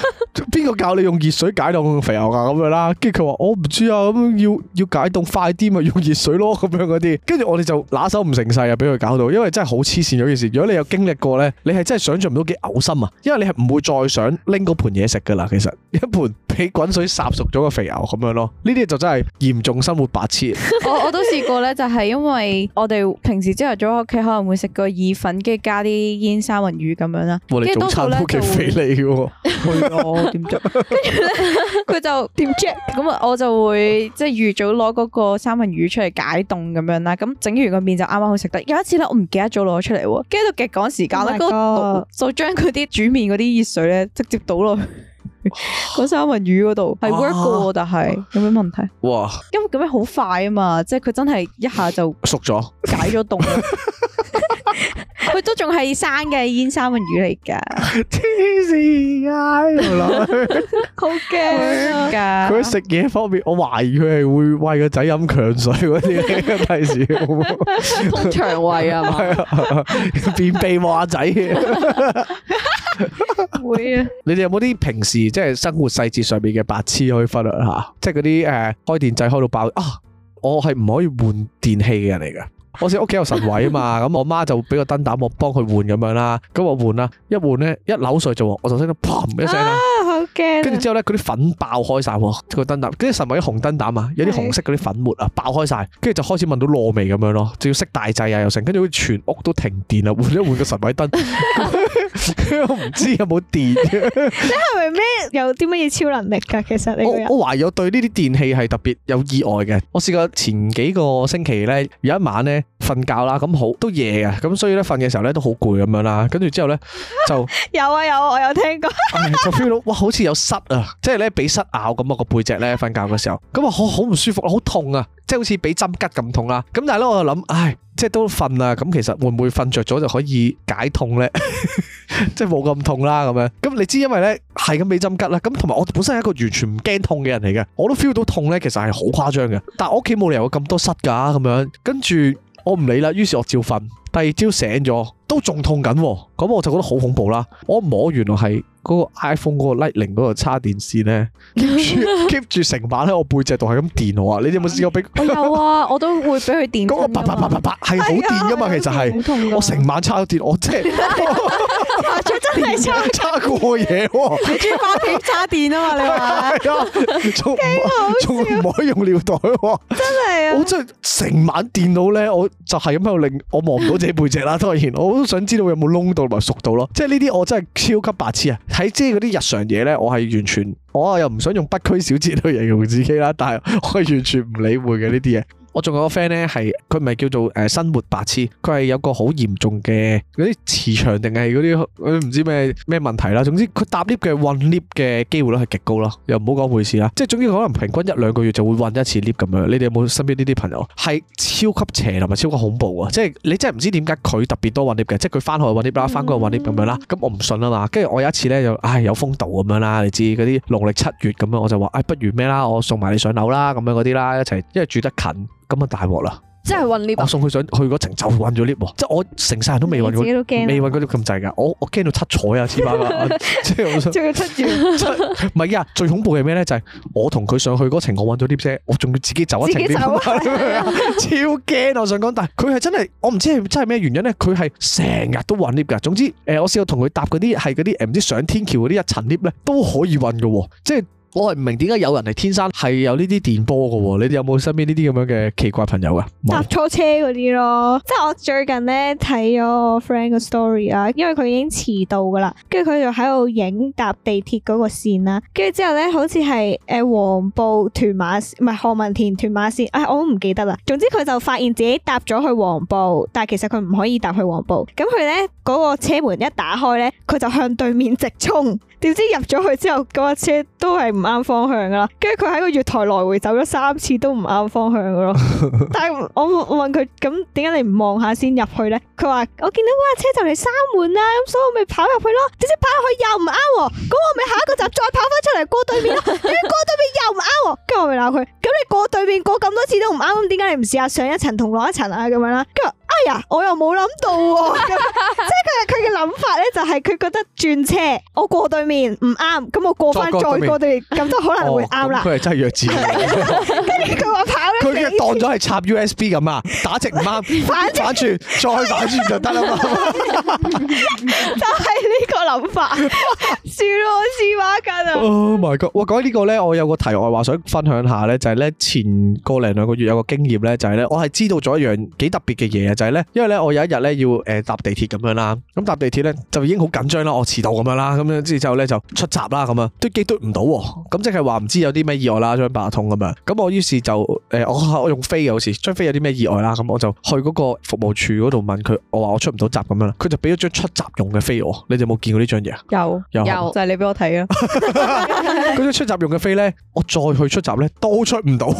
邊個教你用熱水解凍肥牛噶咁樣啦？跟住佢話我唔知啊，咁、哦、要要解凍快啲咪用熱水咯咁樣嗰啲。跟住我哋就拿手唔成勢啊，俾佢搞到，因為真係好黐線嗰件事。如果你有經歷過呢，你係真係想象唔到幾嘔心啊，因為你係唔會再想拎個盤嘢食噶啦。其實一盤被滾水烚熟咗嘅肥牛咁樣咯、啊，呢啲就真係嚴重生活白痴 [laughs] 我都試過呢，就係、是、因為我哋平時朝頭早屋企可能會食個意粉，跟住加啲煙三文魚咁樣啦。我哋早餐其都幾肥膩嘅。 [laughs] [laughs] 點做？跟住咧，佢 [laughs] 就點 check？咁啊， [laughs] 我就會 [laughs] 即係預早攞嗰個三文魚出嚟解凍咁樣啦。咁整完個麵就啱啱好食得。有一次咧，我唔記得咗攞出嚟，跟住都極趕時間啦，嗰、oh 那個、就將佢啲煮麵嗰啲熱水咧直接倒落嗰 [laughs] 三文魚嗰度，係 work 嘅，哇但係有咩問題？哇！因為咁樣好快啊嘛，即係佢真係一下就熟咗了，解咗凍。佢都仲係生嘅煙三文魚嚟噶，黐線啊！好驚噶！佢喺、 [laughs] 啊、 [laughs] 食嘢方面，我懷疑佢係會為個仔飲強水嗰啲嘅，平時通腸胃啊嘛，便 [laughs] 嗎 [laughs] 秘望阿仔會啊！ [laughs] 你哋有冇啲平時即係、就是、生活細節上面嘅白痴可以忽略下？即係嗰啲誒，開電掣開到爆啊！我係唔可以換電器嘅人嚟噶。我先屋企有神位嘛，咁我媽就俾個燈膽我幫佢換咁樣啦，咁我換啦，一換呢，一扭上去就我就聽到砰一聲啦。跟住、啊、之後咧，嗰啲粉爆開晒喎，個燈膽，跟住神位啲紅燈膽啊，有啲紅色嗰啲粉末啊，爆開晒，跟住是的 就開始聞到燶味咁樣咯，就要熄大掣啊，又成。跟住好似全屋都停電啊，換咗換個神位燈， [laughs] [laughs] [laughs] 我唔知有冇電 [laughs] [laughs] 你係咪咩有啲乜嘢超能力㗎？其實你我我懷疑對呢啲電器係特別有意外嘅。我試過前幾個星期咧，有一晚咧瞓覺啦，咁好都夜 [laughs] 啊，咁所以咧瞓嘅時候咧都好攰咁樣啦，跟住之後咧就有啊有我有聽過，個 feel、 [laughs] 哎、到哇似有濕啊，即係咧俾濕咬咁，啊個背脊咧，瞓覺嘅時候，咁啊好好唔舒服，好痛啊，即係好似俾針吉咁痛啦。咁但係咧，我就諗，唉，即係都瞓啦。咁其實會唔會瞓着咗就可以解痛咧？即係冇咁痛啦，咁樣。咁你知因為咧係咁俾針吉啦。咁同埋我本身係一個完全唔驚痛嘅人嚟嘅，我都 feel 到痛咧，其實係好誇張嘅。但係我屋企冇理由有咁多濕噶，咁樣跟住我唔理啦，於是我照瞓。第二朝醒咗都仲痛緊，咁我就覺得好恐怖啦。我摸原來係。個 iPhone 嗰個 lightning 嗰度叉電線咧，keep 住 keep 住成晚喺我背脊度係咁電我啊！你有冇試過俾？我有啊，我都會俾佢電。嗰個啪啪啪啪啪係好電噶嘛，其實係我成晚叉咗電，我即係，誇張真係叉過嘢喎，你專登叉電啊嘛，你話係啊？仲唔可以用尿袋？真係我真係成晚電到咧，我就係咁喺度令我望唔到自己背脊啦。當然，我都想知道有冇窿到同埋熟到咯。即係呢啲我真係超級白痴啊！睇即係嗰啲日常嘢咧，我係完全，我又唔想用不拘小節去形容自己啦，但係我係完全唔理會嘅呢啲嘢。我仲有個 friend 咧，係佢唔係叫做誒、呃、生活白痴，佢係有個好嚴重嘅嗰啲磁場定係嗰啲唔知咩咩問題啦。總之佢搭 lift 嘅困 lift 嘅機會率係極高啦，又唔好講回事啦。即係總之可能平均一兩個月就會困一次 lift 咁樣。你哋有冇身邊呢啲朋友係超級邪同埋超級恐怖啊？即係你真係唔知點解佢特別多困 lift 嘅，即係佢翻學又困 lift 啦，翻工又困 lift 咁樣啦。咁我唔信啊嘛。跟住我有一次咧，就、哎、唉有風度咁樣啦，你知嗰啲農曆七月咁樣，我就話唉、哎、不如咩啦，我送埋你上樓啦咁樣嗰啲啦，一齊因為住得近。咁啊，大鑊啦！即係運 lift，我送佢上去嗰程就運咗 lift。即係我成世人都未運過，自己都驚，未運過 lift 咁滯噶。我我驚到七彩啊，黐孖啦，黐唔住。仲要七彩唔係啊，最恐怖係咩咧？就係、係、我同佢上去嗰程，我運咗 lift 啫。我仲要自己走一程，超驚啊！我想講，但係佢係真係，我唔知係真係咩原因咧？佢係成日都運 lift 噶。總之，誒、呃，我試過同佢搭嗰啲係嗰啲誒，唔知上天橋嗰啲一層 lift 咧，都可以運噶，即係。我係唔明點解有人係天生係有呢啲電波嘅，你哋有冇身邊呢啲咁樣嘅奇怪朋友啊？搭錯車嗰啲咯，即係我最近咧睇咗我 friend 個 story 啊，因為佢已經遲到噶啦，跟住佢就喺度影搭地鐵嗰個線啦，跟住之後咧好似係誒黃埔屯馬，唔係何文田屯馬線，哎我唔記得啦。總之佢就發現自己搭咗去黃埔，但係其實佢唔可以搭去黃埔。咁佢咧嗰個車門一打開咧，佢就向對面直沖。點知入咗去之後，嗰架車都係唔啱方向噶啦，跟住佢喺個月台來回走咗三次都唔啱方向噶咯。但係我我問佢咁點解你唔望下先入去咧？佢話我見到嗰架車就嚟閂門啦，咁所以我咪跑入去咯。點知跑入去又唔啱，咁我咪下一個站再跑翻出嚟過對面咯。點知過對面又唔啱，跟住 [laughs] 我咪鬧佢。咁你過對面過咁多次都唔啱，咁點解你唔試下上一層同落一層啊？咁樣啦，跟哎呀，我又冇諗到喎、啊，即係佢佢嘅諗法咧，就係佢覺得轉車，我過對面唔啱，咁我過翻再過對面，咁都可能會啱啦。佢係、哦、真係弱智，跟住佢話跑咗。佢就當咗係插 U S B 咁啊，打直唔啱，反正反轉正，再反轉就得啦嘛， [laughs] [laughs] 就係呢個諗法，笑我痴孖筋啊！Oh my god，我講呢個咧，我有個題外話想分享下咧，就係、是、咧前個零兩個月有個經驗咧，就係、是、咧我係知道咗一樣幾特別嘅嘢係咧，因為咧我有一日咧要誒搭地鐵咁樣啦，咁搭地鐵咧就已經好緊張啦，我遲到咁樣啦，咁樣之後咧就出閘啦咁啊，都幾嘟唔到，咁即係話唔知有啲咩意外啦，張八達通咁啊，咁我於是就誒我我用飛嘅，好似張飛有啲咩意外啦，咁我就去嗰個服務處嗰度問佢，我話我出唔到閘咁樣啦，佢就俾咗張出閘用嘅飛我，你哋有冇見過呢張嘢啊？有有又就係你俾我睇啊！嗰張出閘用嘅飛咧，我再去出閘咧都出唔到。 [laughs]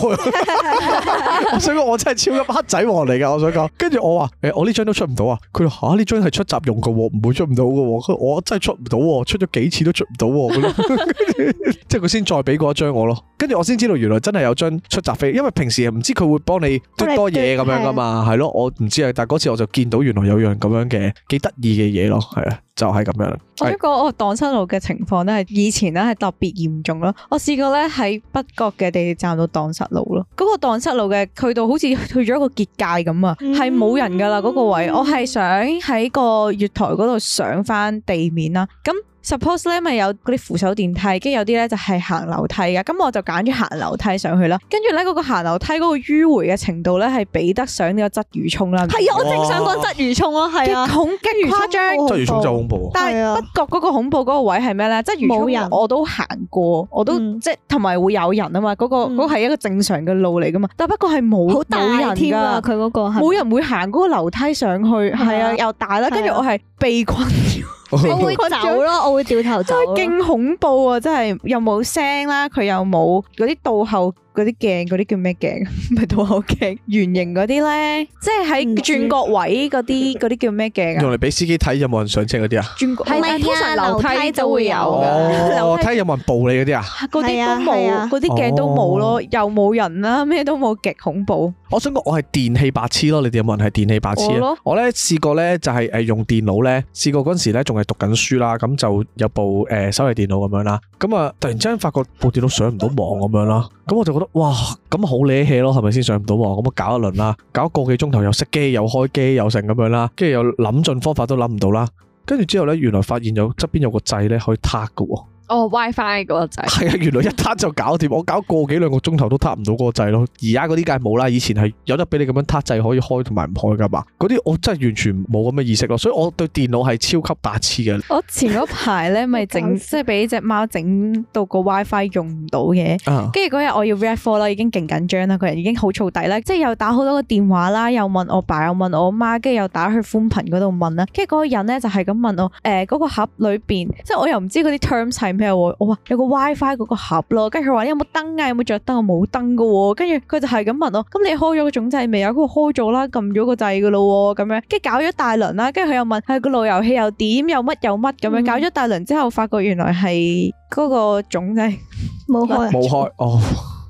我想講我真係超級黑仔王嚟噶，我想講，跟住我。我話誒、欸，我呢張都出唔到啊！佢話吓呢張係出閘用噶、啊，唔會出唔到噶。佢我真係出唔到、啊，出咗幾次都出唔到、啊。咁咯、 [laughs] [laughs] 啊，即係佢先再俾過一張我咯。跟住我先知道原來真係有張出閘飛，因為平時唔知佢會幫你丟多嘢咁樣噶嘛，係咯，我唔知啊。但係嗰次我就見到原來有樣咁樣嘅幾得意嘅嘢咯，係啊。就係咁樣啦。我覺得我蕩失路嘅情況咧，係以前咧係特別嚴重咯。我試過咧喺北角嘅地鐵站度蕩失路咯。嗰、嗰個蕩失路嘅去到好似去咗一個結界咁啊，係冇、嗯、人噶啦嗰個位。我係想喺個月台嗰度上返地面啦。咁。suppose 咧咪有嗰啲扶手電梯，跟住有啲咧就係行樓梯嘅，咁我就揀咗行樓梯上去啦。跟住咧嗰個行樓梯嗰個迂回嘅程度咧，係比得上呢個鰂魚涌啦。係啊，我正想講鰂魚涌啊，係啊，恐驚如誇張，鰂魚涌真係恐怖。但係不覺嗰個恐怖嗰個位係咩咧？鰂魚涌我都行過，我都即係同埋會有人啊嘛，嗰個嗰個係一個正常嘅路嚟噶嘛。但不過係冇好冇人㗎，佢嗰個冇人會行嗰個樓梯上去，係啊，又大啦。跟住我係。被困 [laughs] ，被骨 我會走咯， [laughs] 我會掉頭走，啊。真係勁恐怖啊！真係又冇聲啦，佢又冇嗰啲道後。嗰啲鏡，嗰啲叫咩鏡？咪倒後鏡，圓形嗰啲咧，即係喺轉角位嗰啲，嗰啲叫咩鏡啊？用嚟俾司機睇有冇人上車嗰啲啊？轉角係啊，通常樓梯都會有㗎。樓梯有冇人暴你嗰啲啊？嗰啲都冇，嗰啲鏡都冇咯，又冇人啦，咩都冇，極恐怖。我想講，我係電器白痴咯，你哋有冇人係電器白痴啊？我咧試過咧，就係誒用電腦咧，試過嗰時咧仲係讀緊書啦，咁就有部誒手提電腦咁樣啦，咁啊突然之間發覺部電腦上唔到網咁樣啦，咁我就覺。哇，咁好咧氣咯，係咪先上唔到、啊？咁啊搞一輪啦，搞一個幾鐘頭又熄機，又開機，又成咁樣啦，跟住又諗盡方法都諗唔到啦。跟住之後呢，原來發現有側邊有個掣呢，可以撻㗎、啊。哦，WiFi 嗰個掣係啊，原來一撻就搞掂。我搞個幾兩個鐘頭都撻唔到嗰個掣咯。而家嗰啲梗係冇啦，以前係有得俾你咁樣撻掣，可以開同埋唔開噶嘛。嗰啲我真係完全冇咁嘅意識咯。所以我對電腦係超級白痴嘅。我前嗰排咧咪整，即係俾隻貓整到個 WiFi 用唔到嘅。跟住嗰日我要 read 課啦，已經勁緊張啦，個人已經好燥底啦，即係又打好多個電話啦，又問我爸，又問我媽，跟住又打去寬頻嗰度問啦。跟住嗰個人咧就係咁問我，誒、呃、嗰、呃嗰個盒裏邊，即係我又唔知嗰啲 terms 咩喎？我話有個 WiFi 嗰個盒咯，跟住佢話：你有冇燈啊？有冇著燈啊？冇燈噶喎。跟住佢就係咁問我。咁你開咗個總掣未啊？佢話開咗啦，撳咗個掣噶咯喎。咁樣跟住搞咗大輪啦。跟住佢又問：係個路由器又點？又乜又乜咁樣搞咗大輪之後，發覺原來係嗰個總掣冇開，冇開哦。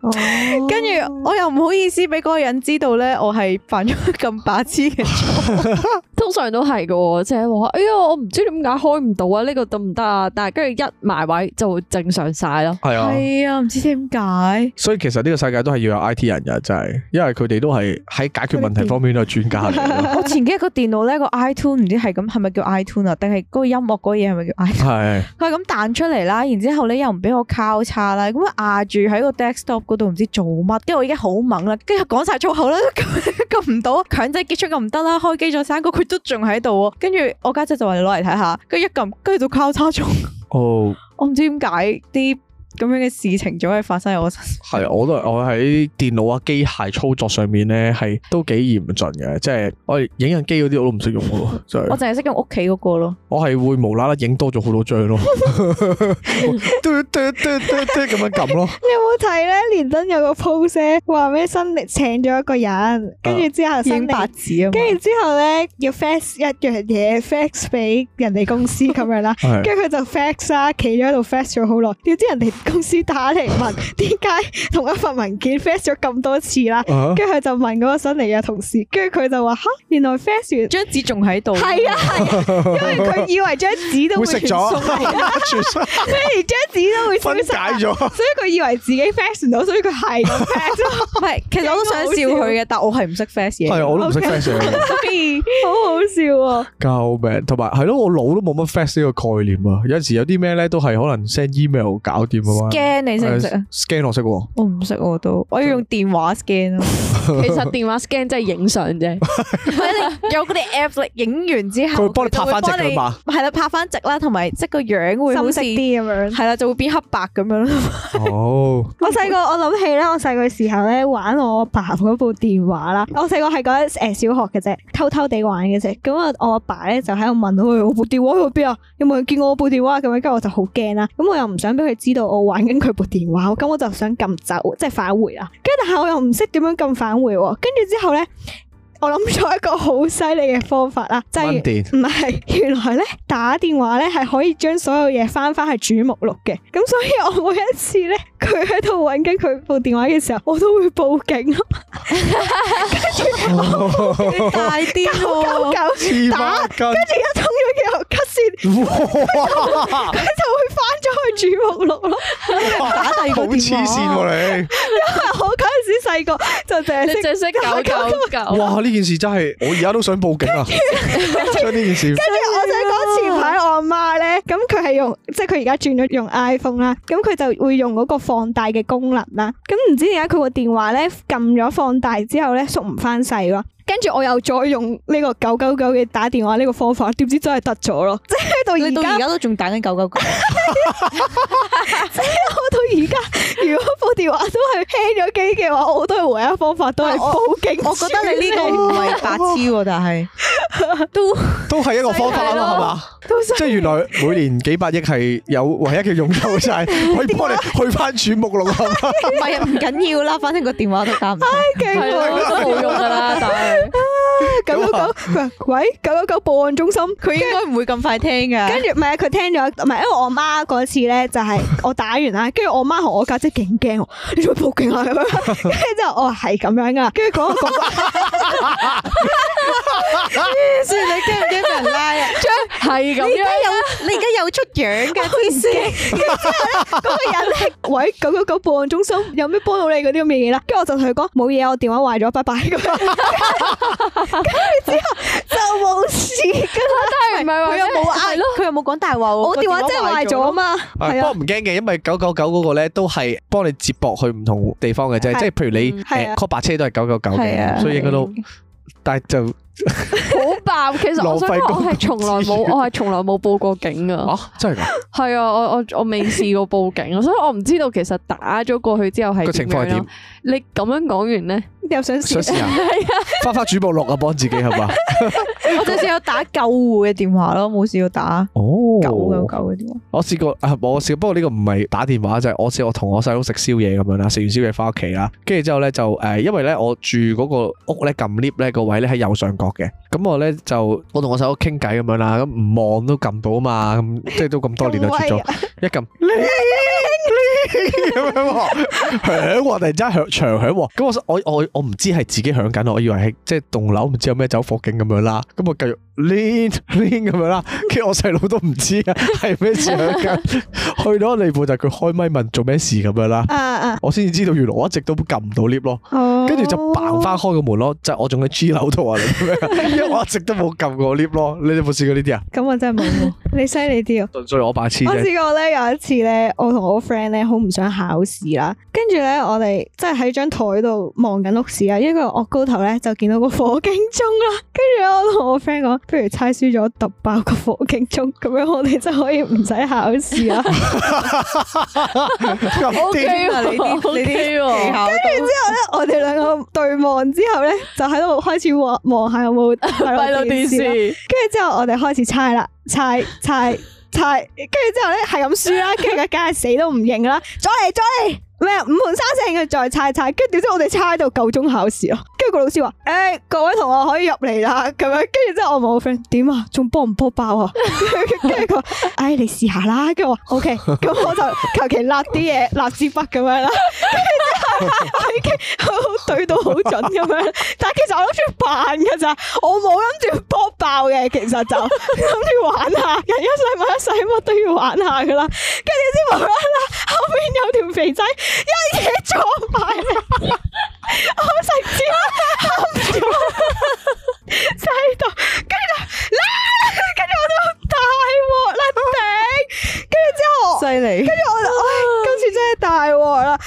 跟住、哦、 [laughs] 我又唔好意思俾嗰個人知道咧，我係犯咗咁白痴嘅錯，通常都係嘅，即係話，哎呀，我唔知點解開唔到啊，呢、呢個得唔得啊，但係跟住一埋位就正常晒咯，係啊，係啊，唔知點解，所以其實呢個世界都係要有 I T 人嘅，真係，因為佢哋都係喺解決問題方面都係專家嚟 [laughs] [laughs] 我前幾日、嗰個電腦咧個 iTune 唔知係咁，係咪叫 iTune 啊？定係嗰個音樂嗰嘢係咪叫 iTune？係，佢係咁彈出嚟啦，然之後咧又唔俾我交叉啦，咁壓住喺個 desktop。嗰度唔知做乜，跟住我已經好猛啦，跟住講晒粗口啦，撳唔到，強制結束撳唔得啦，開機再刪個佢都仲喺度，跟住我家姐就話你攞嚟睇下，跟住一撳跟住就交叉哦，oh. 我唔知點解啲。咁樣嘅事情總係發生喺我身上，係我都我喺電腦啊機械操作上面咧係都幾嚴峻嘅，即係我影印機嗰啲我都唔識用嘅，就係我淨係識用屋企嗰個咯。我係會無啦啦影多咗好多張咯，嘟嘟咁樣撳咯。你有冇睇咧？連登有個 post 咧，話咩新力請咗一個人，跟住之後白紙，跟住之後咧要 fax 一樣嘢 fax 俾人哋公司咁樣啦，跟住佢就 fax 啦，企咗喺度 fax 咗好耐，要知人哋。公司打嚟問點解同一份文件 fax 咗咁多次啦，跟住佢就問嗰個新嚟嘅同事，跟住佢就話吓，原來 fax 完張紙仲喺度，係啊係啊，因為佢以為張紙都會傳送，所以張紙都會分解咗，所以佢以為自己 fax 咗，所以佢係唔係，其實我都想笑佢嘅，但我係唔識 fax 嘢，係 [laughs] 我都唔識 fax 嘢，所以好好笑啊！救命，同埋係咯，我腦都冇乜 fax 呢個概念啊，有時有啲咩咧都係可能 send email 搞掂 scan 你識唔識啊？scan 我識噶，我唔識我都，我要用電話 scan 啊。 [laughs] 其實電話 scan 真係影相啫， [laughs] 有嗰啲 apps 影完之後，佢幫你拍翻直噶嘛。係啦，拍翻直啦，同埋即係個樣會深色啲咁樣。係啦，就會變黑白咁樣咯。Oh. [laughs] 我細個我諗起咧，我細個時候咧玩我阿爸嗰部電話啦。我細個係覺得誒小學嘅啫，偷偷地玩嘅啫。咁啊，我阿爸咧就喺度問佢：「我部電話去邊啊？有冇人見過我部電話？」咁樣，跟住我就好驚啦。咁我又唔想俾佢知道玩緊佢部電話，咁我就想撳走，即係返回啦。跟住但係我又唔識點樣撳返回，跟住之後呢，我諗咗一個好犀利嘅方法啦，即係唔係原來呢，打電話呢係可以將所有嘢翻翻去主目錄嘅，咁所以我每一次呢。佢喺度揾緊佢部電話嘅時候，我都會報警咯、啊。跟 [laughs] 住 [laughs] 大啲，救救救救打，跟住而家通咗之後，咳先，佢就會翻咗去主目錄咯，哇 打第二個電話好黐線喎你！因為 [laughs] 我嗰陣時細個就淨係識狗狗狗。救救救救哇！呢件事真係，我而家都想報警啊！將 [laughs] 呢件事。跟住、 [laughs] 啊、我想講前排我阿媽咧，咁佢係用即係佢而家轉咗用 iPhone 啦，咁佢就會用嗰、嗰個。放大嘅功能啦，咁唔知點解佢個電話咧撳咗放大之後咧縮唔翻細咯。跟住我又再用呢個九九九嘅打電話呢個方法，點知真係得咗咯！即係到而家，你到而家都仲打緊九九九。我到而家，如果部電話都係 hang 咗機嘅話，我都係唯一方法都係報警。我覺得你呢個唔係白痴，但係都都係一個方法啦，係嘛？即係原來每年幾百億係有唯一嘅用處，就係可以幫你去翻主目咯。係呀，唔緊要啦，反正個電話都打唔到，係都冇用噶啦。啊！九九九喂，九九九報案中心，佢應該唔會咁快聽噶。跟住唔係，佢聽咗，唔係，因為我媽嗰次咧就係我打完啦，跟住我媽同我家姐勁驚我，你做咩報警啊？跟住之後哦係咁樣噶，跟住講講講。於是你驚唔驚人拉啊？將係咁樣，你而家有你而家有出樣嘅意思。嗰個人咧，喂，九九九報案中心有咩幫到你嗰啲咁嘅嘢啦？跟住我就同佢講冇嘢，我電話壞咗，拜拜咁樣。跟住之後就冇事，跟住翻完咪話佢又冇嗌咯，佢又冇講大話喎。了有有我電話真係壞咗啊嘛？係啊，不過唔驚嘅，因為九九九嗰個咧都係幫你接駁去唔同地方嘅啫，是啊、即係譬如你 call 是、啊呃、白車都係九九九嘅，是啊、所以嗰度是、啊、但係就。好爆！其實我想講係從來冇我係從來冇報過警噶，啊真係噶，係 [laughs] 啊！我我我未試過報警，啊。所以我唔知道其實打咗過去之後係個情況係點。你咁樣講完咧，又想想試下，係啊 [laughs] 呀，花花主播錄啊，幫自己係嘛？ [laughs] [laughs] 我仲試過打救護嘅電話咯，冇試過打哦，九九九嘅電話。我試過我試過，不過呢個唔係打電話，就係、是、我試我同我細佬食宵夜咁樣啦，食完宵夜翻屋企啦，跟住之後咧就誒、呃，因為咧我住嗰個屋咧撳 lift 咧個位咧喺右上。嘅咁我咧就我同我細佬傾偈咁樣啦，咁唔望都撳到啊嘛，咁即係都咁多年啊，住咗，一撳，響喎 [laughs] 突然之間響牆響喎，咁我我我我唔知係自己響緊，我以為係即係棟樓唔知有咩走火警咁樣啦，咁我繼續。lift lift 咁樣啦，跟住我細佬都唔知 [laughs] 啊，係咩事去到二部就佢開咪問做咩事咁樣啦，uh, uh, 我先至知道原來我一直都撳唔到 lift 咯，跟住、uh, 就嘭翻開個門咯，就是、我仲喺 G 樓度啊，因為我一直都冇撳過 lift 咯。你哋有冇試過呢啲啊？咁、嗯、我真係冇，你犀利啲啊！再 [laughs] 我白痴，我試過咧有一次咧，我同我個 friend 咧好唔想考試啦，跟住咧我哋即係喺張台度望緊屋事啊，因為我高頭咧就見到個火警鐘啦，跟住我同我 friend 講。不如猜輸咗，篤爆個火警鐘，咁樣我哋就可以唔使考試啦。O K 你啲你技巧。跟住之後咧，我哋兩個對望之後咧，就喺度開始望望下有冇睇落電視。跟住之後，我哋開始猜啦，猜猜猜，跟住之後咧係咁輸啦，跟住佢梗係死都唔認啦，再嚟再嚟。咩，五盤三勝嘅，再猜猜，跟住點知我哋猜到夠鐘考試咯。跟住個老師話：誒、哎，各位同學可以入嚟啦，咁樣。跟住之後我問我 friend：點啊？仲幫唔幫包啊？跟住佢：唉、哎，你試下啦。跟住我：OK，咁 [laughs] 我就求其攞啲嘢，攞支筆咁樣啦。我已經好好對到好準咁樣。但係其實我諗住扮噶咋，我冇諗住搏爆嘅。其實就諗住玩下，人一世物一世，乜都要玩下噶啦。跟住點知冇啦啦，後邊有條肥仔一嘢坐埋， [laughs] 我食蕉，我喊住喺度。跟 [laughs] 住就，跟、啊、住我都大鑊啦！頂。跟住之後，犀利。跟住我，唉，今次真係大鑊啦！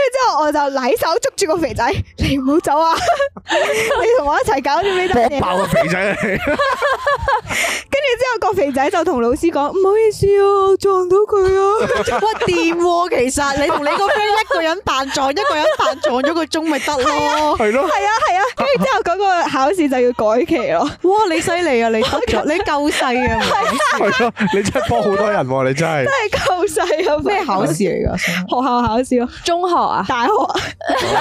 跟住之後我就禮手捉住個肥仔，你唔好走啊！你同我一齊搞掂呢堆嘢。爆個肥仔嚟！跟住之後個肥仔就同老師講唔好意思啊，撞到佢啊！哇，掂喎，其實你同你個 friend 一個人扮撞，一個人扮撞咗個鐘咪得咯？係咯，係啊，係啊。跟住之後嗰個考試就要改期咯。哇，你犀利啊！你你夠細啊？係咯，你真係幫好多人，你真係。真係夠細啊！咩考試嚟噶？學校考試啊，中學。大學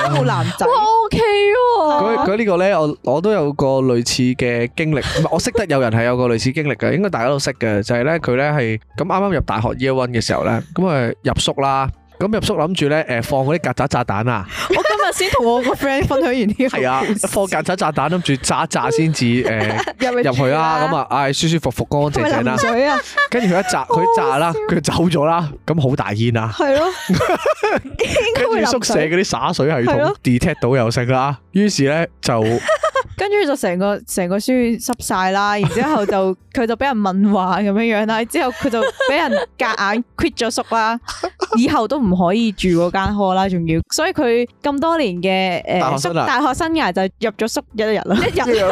好 [laughs] 男仔，OK 喎。佢佢呢個呢，我我都有個類似嘅經歷，唔係 [laughs] 我識得有人係有個類似經歷嘅，應該大家都識嘅，就係呢，佢呢係咁啱啱入大學 year one 嘅時候呢，咁啊 [laughs] 入宿啦。咁入宿諗住咧，誒，放嗰啲曱甴炸彈啊！我今日先同我個 friend 分享完啲係啊，放曱甴炸彈諗住炸炸先至誒入入去啦，咁啊，唉，舒舒服服，乾乾淨淨啦，跟住佢一炸，佢炸啦，佢走咗啦，咁好大煙啊！係咯，跟住宿舍嗰啲灑水系統 detect 到又剩啦，於是咧就。跟住就成個成個書濕晒啦，然之後就佢就俾人問話咁樣樣啦，之後佢就俾人夾硬 quit 咗宿啦，以後都唔可以住嗰間鋪啦，仲要，所以佢咁多年嘅，誒，大學生啊，大學生涯就入咗宿一日啦，一日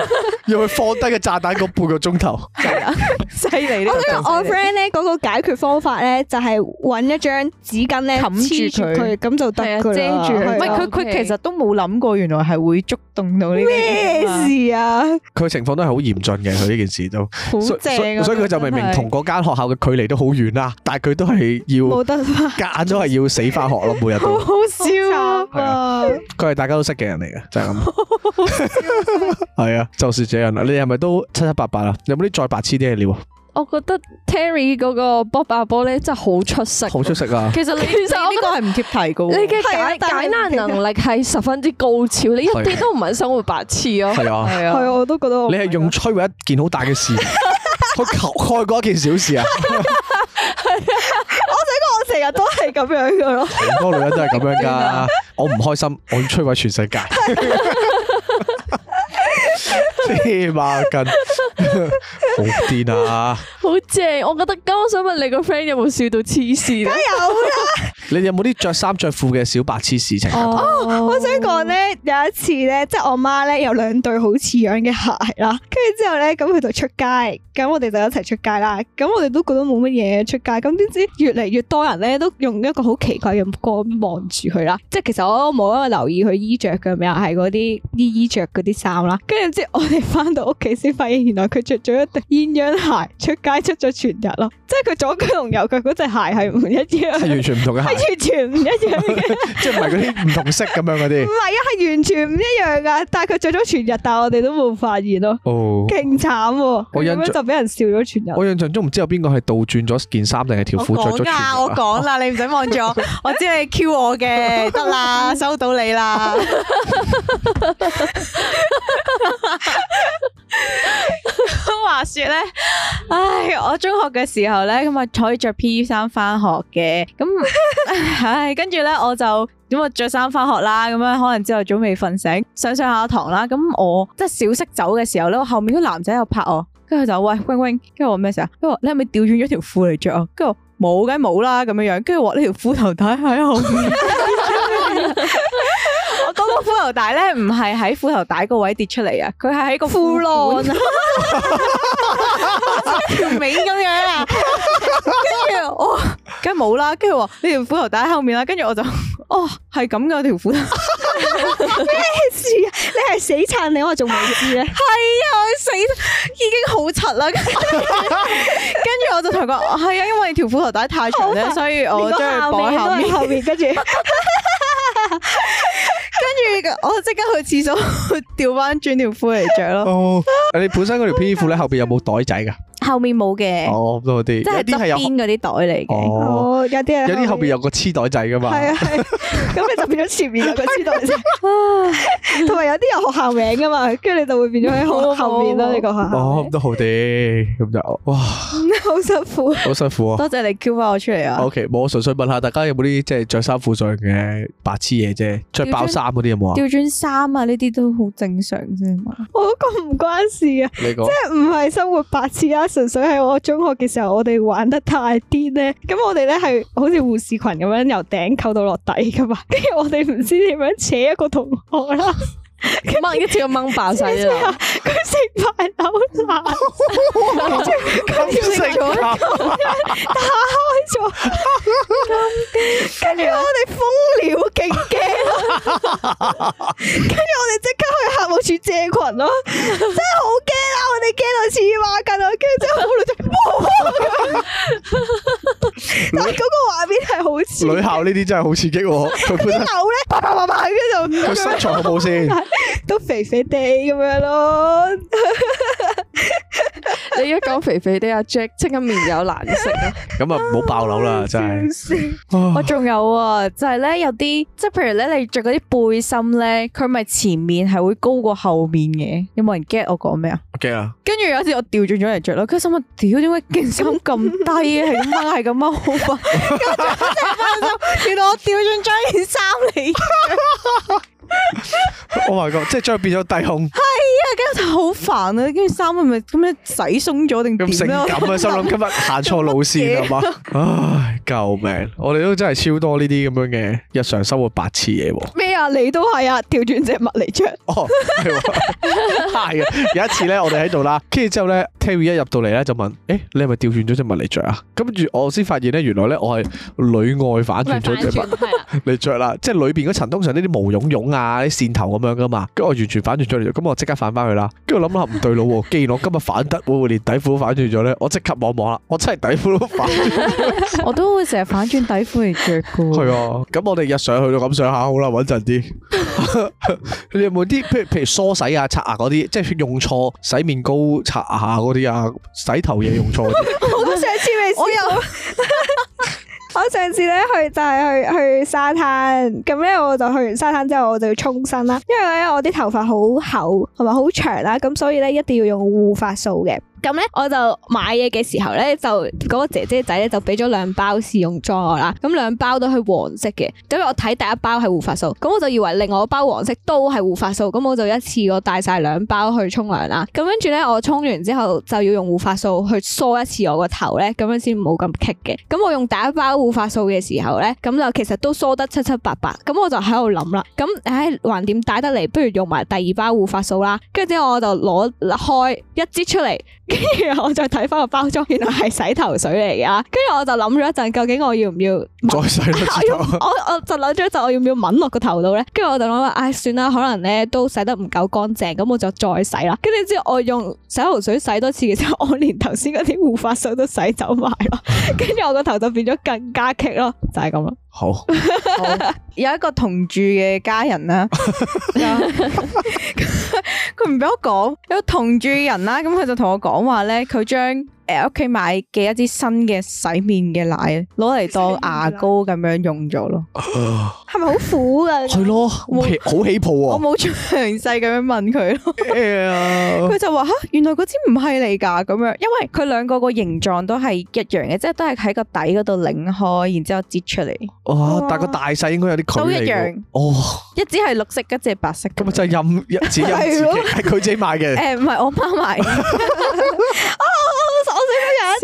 要佢放低個炸彈嗰半個鐘頭，就，啊，犀利！我諗我 friend 咧，嗰個解決方法咧，就係搵一張紙巾咧，冚住佢，咁就得遮住佢，唔係佢佢其實都冇諗過，原來係會觸動到呢啲嘢。是 [laughs] 以啊，佢情況都係好嚴峻嘅，佢呢件事都好正，所以佢就明明同嗰間學校嘅距離都好遠啦，但係佢都係要冇得揀咗，係行要死翻學咯，每日都 [laughs] 好笑啊，佢係大家都識嘅人嚟嘅，就係咁，係啊，就是這樣啦。你係咪都七七八八啦？有冇啲再白痴啲嘅料？我覺得 Terry 嗰個 Bob 阿 Bob 咧，真係好出色，好出色啊！其實你其實呢個係唔貼題高，你嘅解解難能力係十分之高超，你一啲都唔係生活白痴咯。係啊，係啊，我都覺得我你係用摧毀一件好大嘅事去求開嗰一件小事啊！係啊，我想講我成日都係咁樣噶咯，好多女人都係咁樣噶。我唔開心，我要摧毀全世界。咩孖筋？ [laughs] 好癲瘋啊！好正，我覺得咁，我想問你個 friend 有冇笑到黐線？梗 [laughs] 有啦！ [laughs] 你有冇啲着衫着褲嘅小白痴事情？哦，oh, 我想講咧，有一次咧，即係我媽咧有兩對好似樣嘅鞋啦，跟住之後咧，咁佢就出街，咁我哋就一齊出街啦，咁我哋都覺得冇乜嘢出街，咁點知越嚟越多人咧都用一個好奇怪嘅目光望住佢啦，即係其實我冇一個留意佢衣着嘅咩，係嗰啲啲衣着嗰啲衫啦，跟住之後翻到屋企先發現，原來佢着咗一對鴛鴦鞋出街，出咗全日咯。即係佢左腳同右腳嗰隻鞋係唔一樣，係完全唔同嘅鞋，係、 [laughs] [laughs] 啊、完全唔一樣嘅，即係唔係嗰啲唔同色咁樣嗰啲。唔係啊，係完全唔一樣噶。但係佢着咗全日，但係我哋都冇發現咯。哦、oh，勁慘喎！我印象中就俾人笑咗全日。我印象中唔知有邊個係倒轉咗件衫定係條褲着咗全日。我講啦、啊，你唔使望住我， [laughs] 我知你 Q 我嘅，得啦，收到你啦。 [laughs] [laughs] 話說咧，唉，我中學嘅時候咧，咁啊可以着 P 衫翻學嘅，咁 [laughs] 唉，跟住咧我就咁啊着衫翻學啦，咁樣可能朝頭早未瞓醒，上上下堂啦，咁我即係小息走嘅時候咧，我後面嗰男仔又拍我，跟住就喂 wing wing 跟住我咩事啊？跟住你係咪掉轉咗條褲嚟着啊？跟住冇梗冇啦，咁樣樣，跟住我呢條褲頭帶喺後面。 [laughs] [laughs] 嗰個褲頭帶咧，唔係喺褲頭帶個位跌出嚟啊！佢係喺個褲浪條尾咁樣啊！跟住哦，梗係冇啦！跟住話呢條褲頭帶喺後面啦，跟住我就哦，係咁噶條褲頭咩事啊？你係死撐你，我仲未知咧。係啊，死已經好柒啦！跟住我就同佢講：係啊，因為條褲頭帶太長咧，所以我將佢綁後面。後面跟住。 [laughs] 我即刻去廁所去掉翻穿條褲嚟着咯。你本身嗰條皮衣褲咧，後面有冇袋仔㗎？ [laughs] [laughs] 後面冇嘅，哦都好啲，即係啲係有邊嗰啲袋嚟嘅，哦有啲有啲後邊有個黐袋仔噶嘛，係啊，咁你就變咗前面有個黐袋仔，同埋有啲有學校名噶嘛，跟住你就會變咗喺後面啦。你個學校哦都好啲，咁就哇好辛苦，好辛苦啊！多謝你 cue 返我出嚟啊。OK，我純粹問下大家有冇啲即係著衫褲上嘅白痴嘢啫，着爆衫嗰啲有冇啊？調轉衫啊，呢啲都好正常啫嘛。我覺得唔關事啊，即係唔係生活白痴啊？純粹係我中學嘅時候，我哋玩得太癲咧，咁我哋咧係好似護士群咁樣由頂扣到落地噶嘛，跟 [laughs] 住我哋唔知點樣扯一個同學啦。 [laughs] 佢掹一個只個掹、啊、白晒佢食埋扭蛋，佢 [laughs] 跳食咗， [laughs] 打開咗了， [laughs] [laughs] 跟住我哋瘋了，勁驚，跟住我哋即刻去客務處借裙咯，真係好驚啊！我哋驚到似馬，跟住驚真係好女仔。但係嗰個畫面係好似，女校呢啲真係好刺激，佢跌牛咧，啪啪啪啪喺度，佢身材好好先？ [laughs] 都肥肥地咁樣咯，你一講肥肥的阿、啊、Jack，即刻面有難色啦。咁啊，唔好 [laughs] 爆樓啦，哎、呀真係的。我仲 [laughs] 有啊，就係、是、咧有啲，即係譬如咧，你着嗰啲背心咧，佢咪前面係會高過後面嘅。有冇人 get 我講咩啊？get 啊！跟住有次我掉轉咗嚟着咯，跟住心諗，屌點解件衫咁低嘅，係咪係咁好法？跟住 [laughs] [laughs] 原來我掉轉張件衫嚟。我咪講，即係將佢變咗低胸，係 [noise] 啊，跟住好煩啊，跟住衫係咪咁樣洗鬆咗定咁性感啊，心諗今日行錯路線係嘛，唉 [laughs] 麼、哎，救命！我哋都真係超多呢啲咁樣嘅日常生活白痴嘢。啊！你都係啊，調轉隻襪嚟着哦，係啊！有一次咧，我哋喺度啦，跟住之後咧，Terri 一入到嚟咧就問：誒，你係咪調轉咗隻襪嚟着啊？跟住我先發現咧，原來咧我係裏外反轉咗隻襪嚟着啦，即係裏邊嗰層通常呢啲毛絨絨啊、啲線頭咁樣噶嘛，跟住我完全反轉咗嚟着，咁我即刻反翻去啦。跟住諗下唔對路，既然我今日反得會唔會連底褲都反轉咗咧？我即刻望望啦，我真係底褲都反轉。我都會成日反轉底褲嚟着噶。係啊，咁我哋日上去就咁上下好啦，穩陣。啲 [laughs] 你有冇啲譬如譬如梳洗啊、刷牙嗰啲，即係用錯洗面膏、刷牙嗰啲啊、洗頭嘢，用錯嘅？我都上次未試過。我上次咧去就係去去沙灘，咁咧我就去完沙灘之後我就要沖身啦，因為咧我啲頭髮好厚同埋好長啦，咁所以咧一定要用護髮素嘅。咁咧，我就買嘢嘅時候咧，就嗰個姐姐仔咧就俾咗兩包試用裝我啦。咁兩包都係黃色嘅，咁我睇第一包係護髮素，咁我就以為另外一包黃色都係護髮素，咁我就一次過帶晒兩包去沖涼啦。咁跟住咧，我沖完之後就要用護髮素去梳一次我個頭咧，咁樣先冇咁棘嘅。咁我用第一包護髮素嘅時候咧，咁就其實都梳得七七八八。咁我就喺度諗啦，咁唉，橫掂帶得嚟，不如用埋第二包護髮素啦。跟住之後我就攞開一支出嚟。跟住我再睇翻個包裝，原來係洗頭水嚟㗎。跟住我就諗咗一陣，究竟我要唔要再洗一次，啊？我 [laughs] 我，我就諗咗就我要唔要抹落個頭度咧？跟住我就諗，唉、哎，算啦，可能咧都洗得唔夠乾淨，咁我就再洗啦。跟住之後我用洗頭水洗多次，嘅，其實我連頭先嗰啲護髮素都洗走埋咯。跟住我個頭就變咗更加棘咯，就係咁啦。好， [laughs] 好，有一個同住嘅家人啦，佢唔俾我講，有個同住人啦，咁佢就同我講話咧，佢將。誒，屋企買嘅一支新嘅洗面嘅奶，攞嚟當牙膏咁樣用咗咯。係咪好苦啊？係咯 [laughs] 好起泡啊！我冇詳細咁樣問佢咯。佢 [laughs] 就話、啊，原來嗰支唔係你噶，咁樣，因為佢兩個個形狀都係一樣嘅，即係都係喺個底嗰度擰開，然之後擠出嚟。哇！但係個大細應該有啲都一樣。哦，oh. 一支係綠色，一支係白色。咁就任一支任一係佢 [laughs] 自己買嘅。誒、 [laughs] 呃，唔係我媽買。 [laughs] [laughs]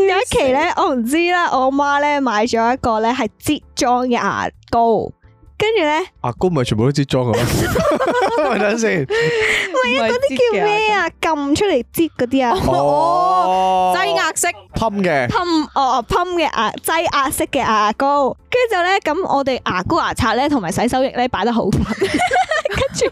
有 [noise] 一期咧，我唔知啦。我媽咧買咗一個咧，係遮妝嘅牙膏。跟住咧，牙膏咪全部都擠裝噶咩？等先，唔係啊，嗰啲叫咩啊？撳出嚟擠嗰啲啊，哦，擠壓式，噴嘅的，噴哦嘅牙擠壓式嘅牙膏。跟住就咧咁，我哋牙膏牙刷咧，同埋洗手液咧擺得好。跟 [laughs] 住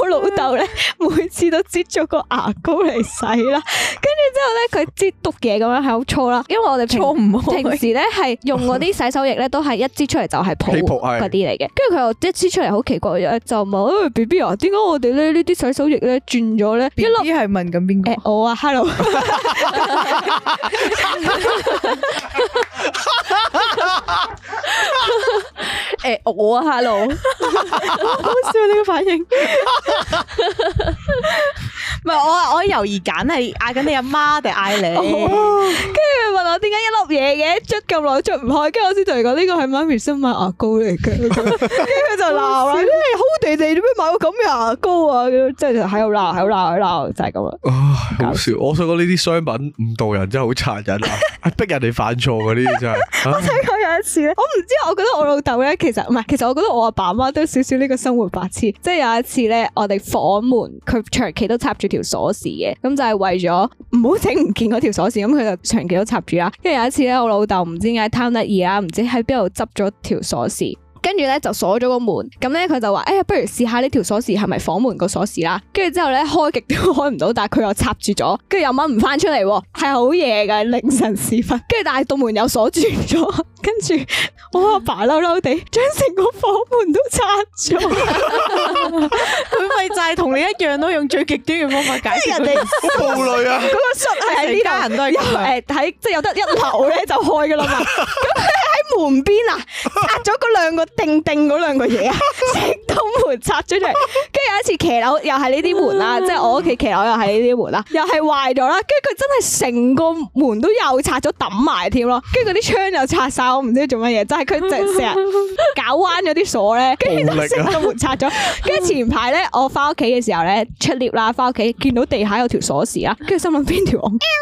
我老豆咧，每次都擠咗個牙膏嚟洗啦。跟住之後咧，佢擠毒嘢咁樣喺度搓啦。因為我哋唔平平時咧係用嗰啲洗手液咧，都係一擠出嚟就係泡沫嗰啲嚟嘅。跟佢、嗯、一黐出嚟好奇怪，就問：誒，B B 啊，點解我哋咧呢啲洗手液咧轉咗咧？B B 係問緊邊個？我啊，Hello！誒、 [laughs] 欸，我啊，Hello！好笑呢個反應。唔係我我猶豫揀係嗌緊你阿媽定嗌你？跟住、哦、問我點解一粒嘢嘅捽咁耐捽唔開？跟住我先同你講呢個係媽咪新買牙膏嚟嘅。這個 [laughs] 咁佢就鬧啦，好地地點解買到咁嘅牙膏啊？即係喺度鬧，喺度鬧，鬧就係咁啦。啊，好笑！我想講呢啲商品誤導人真係好殘忍啊，逼人哋犯錯嗰啲真係。我睇過有一次咧，我唔知，我覺得我老豆咧其實唔係，其實我覺得我阿爸媽都少少呢個生活白痴。即係有一次咧，我哋房門佢長期都插住條鎖匙嘅，咁就係為咗唔好整唔見嗰條鎖匙，咁佢就，就長期都插住啦。因為有一次咧，我老豆唔知點解貪得意啊，唔知喺邊度執咗條鎖匙。跟住咧，就鎖咗個門，咁咧佢就話：哎呀，不如試下呢條鎖匙係咪房門個鎖匙啦。跟住之後咧，開極都開唔到，但係佢又插住咗，跟住又掹唔翻出嚟，係好夜嘅凌晨時分。跟住但係棟門又鎖住咗，跟住我阿爸嬲嬲地將成個房門都拆咗，佢咪、嗯、 [laughs] 就係同你一樣都用最極端嘅方法解。即係人哋好暴戾啊！咁室實喺呢度，人都又誒，即係有得一樓咧，就開噶啦嘛。咁喺 [laughs] 門邊啊，插咗嗰兩個。定定嗰兩個嘢啊，整 [laughs] 到門拆咗出嚟，跟住 [laughs] 有一次騎樓又係呢啲門啦，即係 [laughs] 我屋企騎樓又係呢啲門啦， [laughs] 又係壞咗啦，跟住佢真係成個門都又拆咗抌埋添咯，跟住嗰啲窗又拆晒，我唔知做乜嘢，就係佢成日搞彎咗啲鎖咧，跟住都成個門拆咗，跟住前排咧我翻屋企嘅時候咧出 lift 啦，翻屋企見到地下有條鎖匙啦，跟住心諗邊條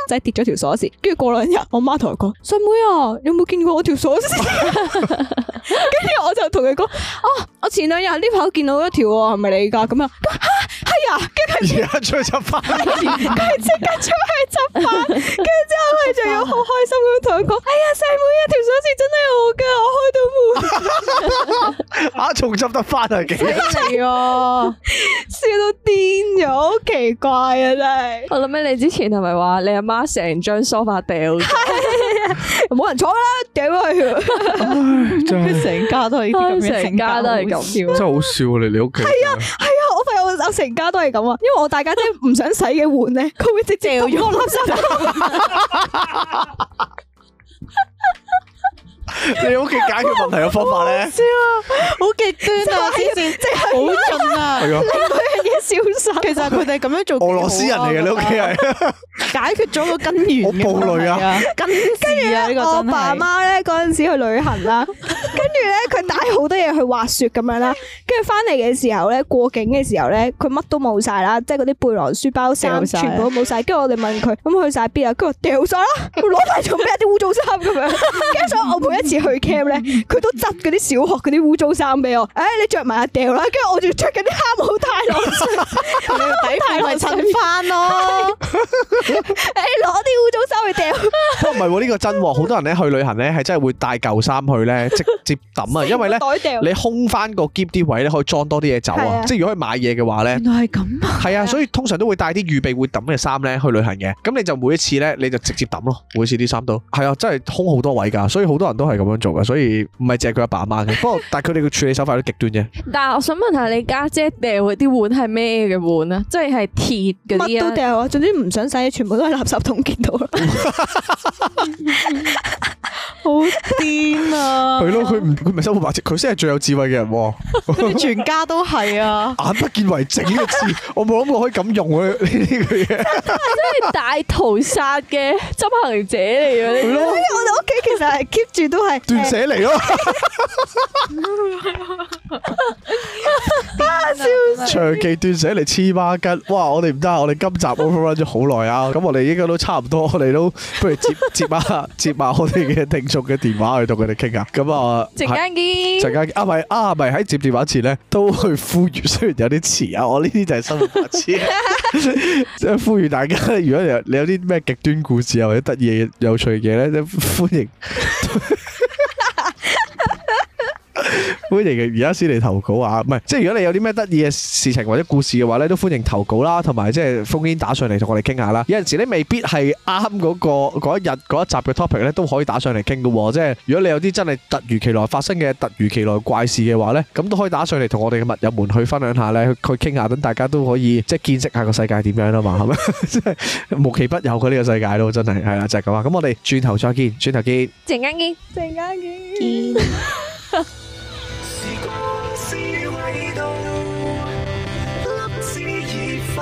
就係跌咗條鎖匙，跟住 [laughs] [laughs] [laughs] 過兩日我媽同我講，細妹啊，有冇見過我條鎖匙？跟住我就。同佢講，哦，我前兩日喺呢排見到一條喎，係咪你㗎？咁啊！哎呀，跟住即出去執翻，跟住即刻出去執翻，跟住之後佢仲有好開心咁同佢講，哎呀，細妹一條鎖匙真係好驚，我開到門，吓仲執得翻啊！幾勁啊！笑到癲咗，好奇怪啊！真係。我諗起你之前係咪話你阿媽成張梳化掉，冇人坐啦，掉咗佢，佢成家都係咁嘅，成家都係咁樣，真係好笑啊！你，你屋企係啊，係啊，我份我我成家。而家都係咁啊，因為我大家都唔想洗嘅碗咧，佢 [laughs] 會直接掉咗落垃圾。 [laughs] [laughs] [laughs] 你屋企解決問題嘅方法咧，好極端啊，直接即係好盡啊，你屋企人要小心。其實佢哋咁樣做俄羅斯人嚟嘅，你屋企人解決咗個根源嘅問題啊。跟跟住我爸媽咧，嗰陣時去旅行啦，跟住咧佢帶好多嘢去滑雪咁樣啦，跟住翻嚟嘅時候咧，過境嘅時候咧，佢乜都冇晒啦，即係嗰啲背囊、書包、衫全部都冇晒。跟住我哋問佢，咁去晒邊啊？跟住掉晒啦，攞嚟做咩？啲污糟衫咁樣。跟住我每一次去 camp 咧，佢都執嗰啲小學嗰啲污糟衫俾我。誒、哎，你着埋阿掉啦，跟住我仲着緊啲黑帽呔攞出嚟，底太咪襯翻咯。誒， [laughs] 攞啲污糟衫去掉。 [laughs] 不過唔係喎，呢、這個真喎。好多人咧去旅行咧，係真係會帶舊衫去咧，直接抌啊。因為咧，你空翻個 gap 啲位咧，可以裝多啲嘢走啊。即係如果可以買嘢嘅話咧，原來係咁啊。係啊，啊，所以通常都會帶啲預備會抌嘅衫咧去旅行嘅。咁你就每一次咧，你就直接抌咯。 [laughs] 每次啲衫都係啊，真係空好多位噶。所以好多人都係。咁樣做嘅，所以唔係淨係佢阿爸阿媽嘅。不過但係佢哋嘅處理手法都極端啫。但係我想問下，你家姐掉嗰啲碗係咩嘅碗啊？即係係鐵嗰啲啊？乜都掉啊！總之唔想洗，全部都係垃圾桶見到啦。好癲啊！佢咯，佢唔佢唔係生活白痴，佢先係最有智慧嘅人。全家都係啊！眼不見為淨個字，我冇諗過可以咁用嘅呢個嘢。真係大屠殺嘅執行者嚟嘅。所以我哋屋企其實係 keep 住都。斷寫嚟咯， [music] 斷捨離 [laughs] 笑長期斷捨離黐孖筋。哇！我哋唔得，我哋今集 overrun 咗好耐啊。咁我哋應該都差唔多，我哋都不如接接啊，接下我哋嘅聽眾嘅電話去同佢哋傾下。咁啊，陣間見，陣間見啊，唔啊，咪，喺接電話前咧，都去呼籲，雖然有啲遲啊，我呢啲就係生活白痴，即係呼籲大家，如果你有啲咩極端故事啊或者得意有趣嘅嘢咧，歡迎。佢哋而家先嚟投稿啊，唔係，即係如果你有啲咩得意嘅事情或者故事嘅話咧，都歡迎投稿啦，同埋即係烽煙打上嚟同我哋傾下啦。有陣時你未必係啱嗰個嗰一日嗰一集嘅 topic 咧，都可以打上嚟傾㗎喎。即係如果你有啲真係突如其來發生嘅突如其來怪事嘅話咧，咁都可以打上嚟同我哋嘅密友們去分享下咧，去傾下，等大家都可以即係見識下個世界點樣啊嘛，係咪？即係無奇不有佢呢個世界咯，真係係啦，就係咁啊。咁我哋轉頭再見，轉頭見。陣間見，陣間見。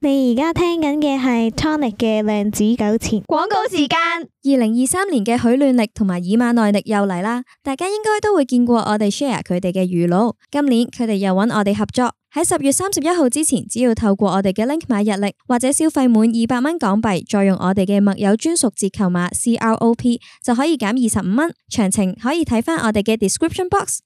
你而家聽緊嘅係 ToNick 嘅《量子糾纏》。廣告時間。二零二三年嘅煦暖曆同埋以馬內曆又嚟啦，大家應該都會見過我哋 Share 佢哋嘅語錄。今年佢哋又揾我哋合作，喺十月三十一號之前，只要透過我哋嘅 link 買日曆，或者消費滿二百蚊港幣，再用我哋嘅麥友專屬折扣碼 CROP 就可以減二十五蚊。詳情可以睇翻我哋嘅 description box。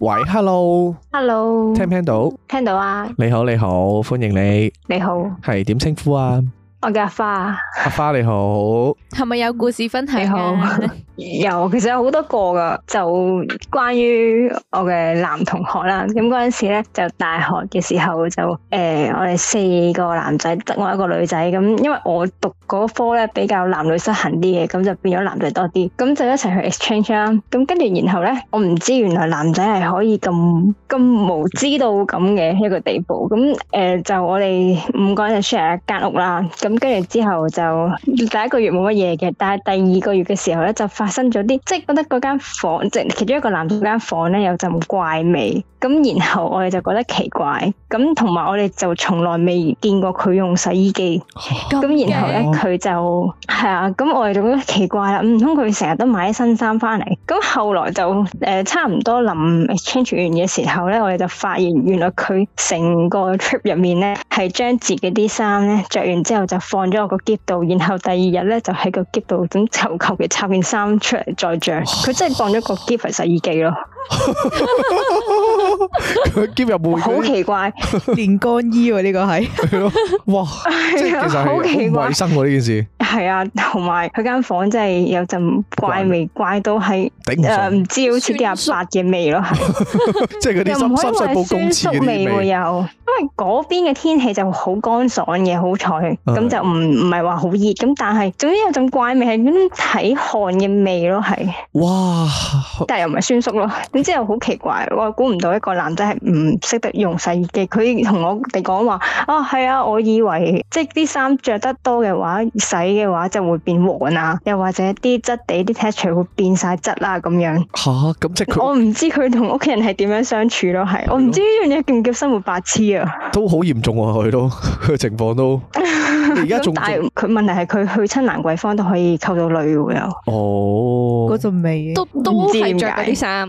喂，Hello，Hello，Hello，聽唔聽到？聽到啊，你好，你好，歡迎你，你好，係點稱呼啊？我叫阿花， [laughs] 阿花你好。係咪有故事分享啊？有，其實有好多個噶，就關於我嘅男同學啦。咁嗰陣時咧，就大學嘅時候就誒，我哋四個男仔，得我一個女仔。咁因為我讀嗰科咧比較男女失衡啲嘅，咁就變咗男仔多啲。咁就一齊去 exchange 啦。咁跟住然後咧，我唔知原來男仔係可以咁咁無知到咁嘅一個地步。咁誒，就我哋五個人就 share 一間屋啦。咁跟住之後就第一個月冇乜。但係第二個月嘅時候咧，就發生咗啲，即係覺得嗰間房，即其中一個男仔間房咧，有陣怪味。咁然後我哋就覺得奇怪，咁同埋我哋就從來未見過佢用洗衣機，咁然後咧佢就係啊，咁我哋就覺得奇怪啦，唔通佢成日都買啲新衫翻嚟？咁後來就誒、呃、差唔多臨 exchange 完嘅時候咧，我哋就發現原來佢成個 trip 入面咧係將自己啲衫咧着完之後就放咗落個篋度，然後第二日咧就喺個篋度咁求其插件衫出嚟再着，佢真係放咗個篋喺洗衣機咯。佢今日冇，好奇怪，變乾衣喎？呢個係，係咯，哇，即係其實好衛生喎？呢件事係啊，同埋佢間房真係有陣怪味，怪到係，頂唔知好似啲阿伯嘅味咯，即係嗰啲濕濕布、酸餿嘅味喎又，因為嗰邊嘅天氣就好乾爽嘅，好彩，咁就唔唔係話好熱，咁但係，總之有陣怪味係咁睇汗嘅味咯，係，哇，但係又唔係酸餿咯。你真係好奇怪，我估唔到一個男仔係唔識得用洗衣機。佢同我哋講話啊，係啊，我以為即係啲衫着得多嘅話，洗嘅話就會變黃啊，又或者啲質地啲 t e x t r e 會變曬質啊咁樣。嚇、啊！咁即係我唔知佢同屋企人係點樣相處咯。係的我唔知呢樣嘢叫唔叫生活白痴啊？都好嚴重啊。佢都佢嘅情況都而家 [laughs] 仲。但係是佢仲問題係佢去親蘭桂坊都可以溝到女喎有，哦，嗰陣味都知都係著緊啲衫。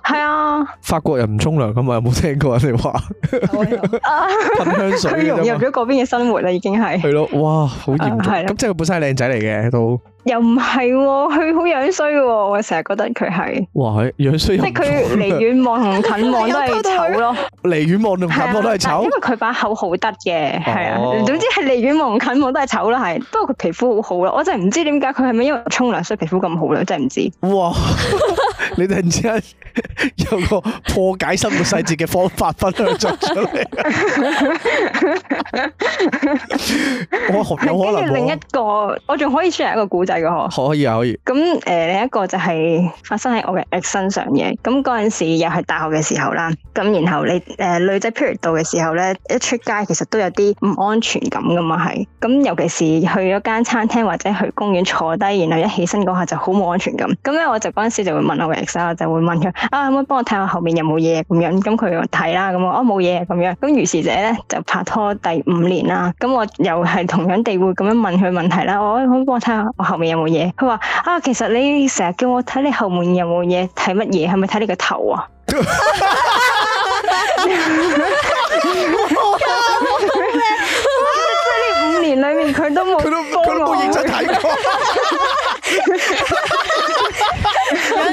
係啊，法國人唔沖涼噶嘛？有冇聽過你話？噴 [laughs] 香水而已而已，佢 [laughs] 融入咗嗰邊嘅生活啦，已經係。係咯，哇，好嚴。係啦、啊，咁、啊、即係佢本身係靚仔嚟嘅都。又唔係、哦，佢好樣衰嘅，我成日覺得佢係。哇，佢樣衰。即係佢離遠望同近望都係醜咯。離遠 [laughs] [laughs] [laughs] 望同近望都係醜。啊、因為佢把口好得嘅，係啊，哦、總之係離遠望近望都係醜啦，係、啊。不過佢皮膚好好咯，我真係唔知點解佢係咪因為沖涼所以皮膚咁好啦，真係唔知。哇，你哋唔知有個破解生活細節嘅方法分享咗出嚟 [laughs] [laughs] ，我好有可能。另一個我仲可以算係一個古仔嘅可。可以啊，可以。咁誒、呃，另一個就係發生喺我嘅 X 身上嘅。咁嗰陣時又係大學嘅時候啦。咁然後你誒、呃、女仔 period 到嘅時候咧，一出街其實都有啲唔安全感噶嘛係。咁尤其是去咗間餐廳或者去公園坐低，然後一起身嗰下就好冇安全感。咁咧我,我,我就嗰陣時就會問我 X 啊，就會問佢可唔可以幫我睇下後面有冇嘢咁樣？咁佢話睇啦，咁、嗯、我、哦、啊冇嘢咁樣。咁、嗯、如是者咧就拍拖第五年啦。咁、嗯、我又係同樣地會咁樣問佢問題啦。嗯、幫我可唔可以幫我睇下我後面有冇嘢、啊？佢話啊，其實你成日叫我睇你後面有冇嘢，睇乜嘢？係咪睇你個頭啊？哈哈哈哈哈！哈哈哈哈哈！哈哈哈哈哈！哈即係呢，五年裏面佢都冇，佢都冇認真睇。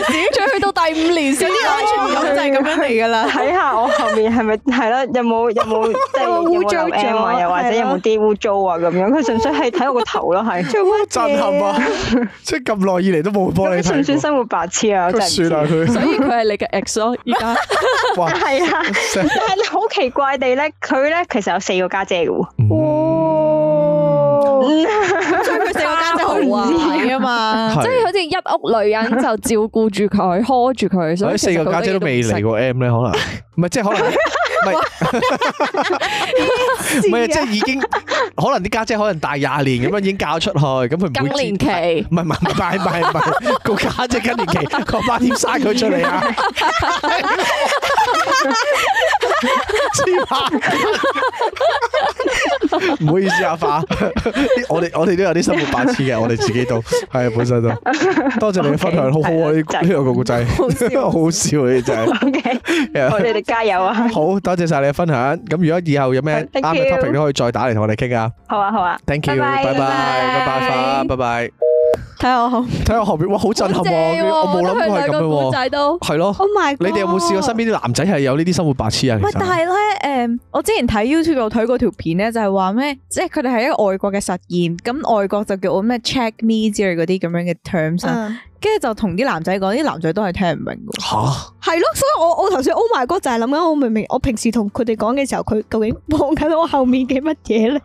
再去到第五年先啲安全感就係咁樣嚟㗎啦。睇下我後面係咪係咯，有冇有冇污糟住啊？又或者有冇啲污糟啊？咁樣佢純粹係睇我個頭咯，係。做乜嘢？真係嘛？即係咁耐以嚟都冇幫你。算唔算生活白痴啊？算啊，佢所以佢係你嘅 ex 咯，而家係啊。但係好奇怪地咧，佢咧其實有四個家姐嘅喎。將佢四個家姐都好啊嘛，即係好似一屋女人就照顧住佢，呵住佢。所以四個家姐都未嚟過 M 咧，可能唔係即係可能唔係唔係即係已經可能啲家姐可能大廿年咁樣已經嫁咗出去，咁佢唔會。更年期唔係唔係唔係唔係個家姐更年期，我翻添曬佢出嚟啦。唔好意思啊，花，我哋我哋都有啲生活白痴嘅，我哋自己都係啊本身都，多謝你嘅分享，好好啊呢個古仔，好笑啊呢個，OK，你哋加油啊，好多謝晒你嘅分享，咁如果以後有咩啱嘅 topic 都可以再打嚟同我哋傾啊，好啊好啊，Thank you，拜拜，拜拜花，拜拜。睇下後面，睇下 [laughs] 後邊，哇，好震撼啊！我冇諗到係咁樣喎，係咯，Oh my God，你哋有冇試過身邊啲男仔係有呢啲生活白痴啊？喂，但係咧，誒、嗯，我之前睇 YouTube 度睇過條片咧，就係話咩，即係佢哋係一個外國嘅實驗，咁外國就叫我咩 check me 之類嗰啲咁樣嘅 terms、uh. 跟住就同啲男仔講，啲男仔都係聽唔明嘅。吓係咯，所以我我頭先 Oh my God 就係諗緊，我明明我平時同佢哋講嘅時候，佢究竟望緊我後面嘅乜嘢咧？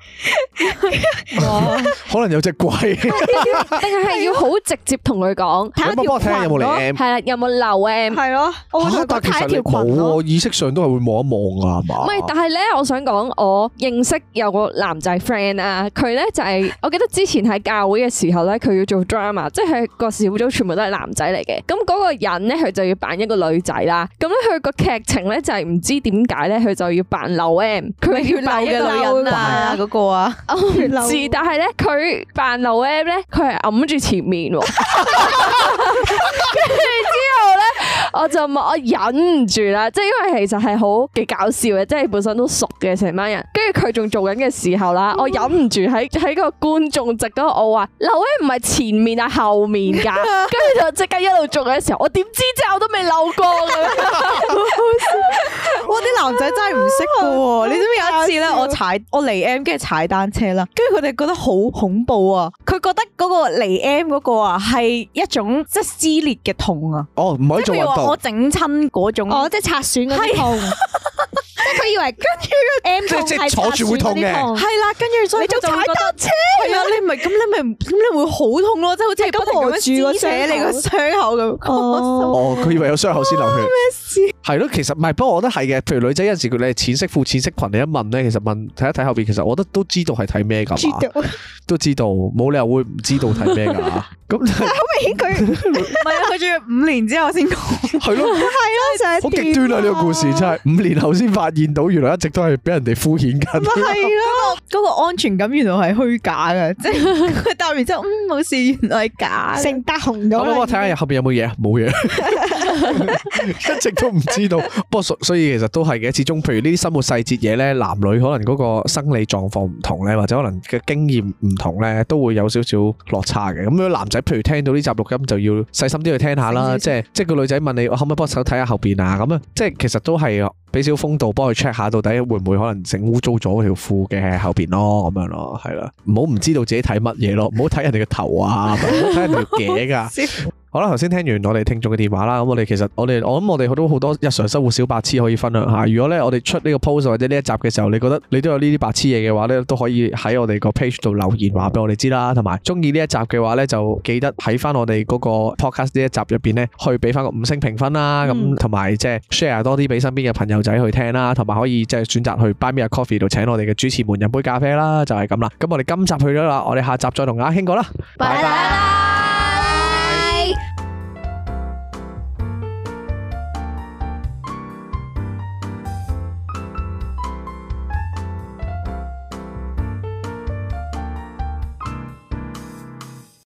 可能有隻鬼，定係要好直接同佢講。睇下我聽有冇嚟？係啊，有冇流 M？係咯，我睇條裙咯。但係其實意識上都係會望一望啊。係嘛？唔係，但係咧，我想講我認識有個男仔 friend 啊，佢咧就係我記得之前喺教會嘅時候咧，佢要做 drama，即係個小組。全部都係男仔嚟嘅，咁嗰個人咧，佢就要扮一個女仔啦。咁佢個劇情咧就係、是、唔知點解咧，佢就要扮劉 M，佢咪要、啊、要扮一個女人啊，嗰、啊那個啊，唔知。樓但係咧，佢扮劉 M 咧，佢係揞住前面。跟住 [laughs] [laughs] 之後咧，我就我忍唔住啦，即係因為其實係好幾搞笑嘅，即係本身都熟嘅成班人。跟住佢仲做緊嘅時候啦，我忍唔住喺喺個觀眾席度，我話劉 M 唔係前面啊，後面噶。跟住就即刻一路做嘅時候，我點知之後都未漏過嘅 [laughs] [laughs] 我啲男仔真係唔識嘅。 [laughs] 你知唔知有一次咧，我踩我嚟 M，跟住踩單車啦。跟住佢哋覺得好恐怖啊！佢覺得嗰個嚟 M 嗰個啊，係一種即係撕裂嘅痛啊。哦，唔可以做運動。我整親嗰種，哦，即係擦損嗰啲痛。是啊 [laughs] 即係佢以為跟住個 M 痛即係坐住會痛嘅，係啦，跟住所以佢就踩單車。係啊，你咪咁，你咪咁，你會好痛咯，即係好似係咁住扯你個傷口咁。哦哦，佢以為有傷口先流血。有咩事？係咯，其實唔係，不過我覺得係嘅。譬如女仔有陣時叫你淺色褲、淺色裙，你一問咧，其實問睇一睇後邊，其實我都都知道係睇咩噶。知道，都知道，冇理由會唔知道睇咩噶。咁但係好明顯佢唔係啊，佢仲要五年之後先講。係咯，係咯，就係好極端啦！呢個故事真係五年後先發。見到原來一直都係俾人哋敷衍緊，唔係咯？嗰個安全感原來係虛假嘅，即 [laughs] 係佢答完之後，嗯，冇事，原來係假。成大紅咗。好，我睇下後邊有冇嘢，冇嘢 [laughs] 沒事。 [laughs] [laughs] 一直都唔知道，不過所所以其實都係嘅。始終，譬如呢啲生活細節嘢咧，男女可能嗰個生理狀況唔同咧，或者可能嘅經驗唔同咧，都會有少少落差嘅。咁樣男仔譬如聽到呢集錄音就要細心啲去聽下啦的，即係即係個女仔問你，可唔可以幫手睇下後邊啊？咁樣，即係其實都係俾少風度幫佢 check 下，到底會唔會可能整污糟咗條褲嘅後邊咯？咁樣咯，係啦，唔好唔知道自己睇乜嘢咯，唔好睇人哋嘅頭啊，睇 [laughs] 人哋條頸噶。 [laughs] 好啦，頭先聽完我哋聽眾嘅電話啦，咁我哋其實我哋我諗我哋好多好多日常生活小白痴可以分享下。如果咧我哋出呢個 post 或者呢一集嘅時候，你覺得你都有呢啲白痴嘢嘅話咧，都可以喺我哋個 page 度留言話俾我哋知啦。同埋中意呢一集嘅話咧，就記得喺翻我哋嗰個 podcast 呢一集入邊咧，去俾翻個五星評分啦。咁同埋即係 share 多啲俾身邊嘅朋友仔去聽啦。同埋可以即係選擇去 Buy Me A Coffee 度請我哋嘅主持們飲杯咖啡啦。就係咁啦。咁我哋今集去咗啦，我哋下集再同阿卿過啦。拜拜 Bye 拜拜。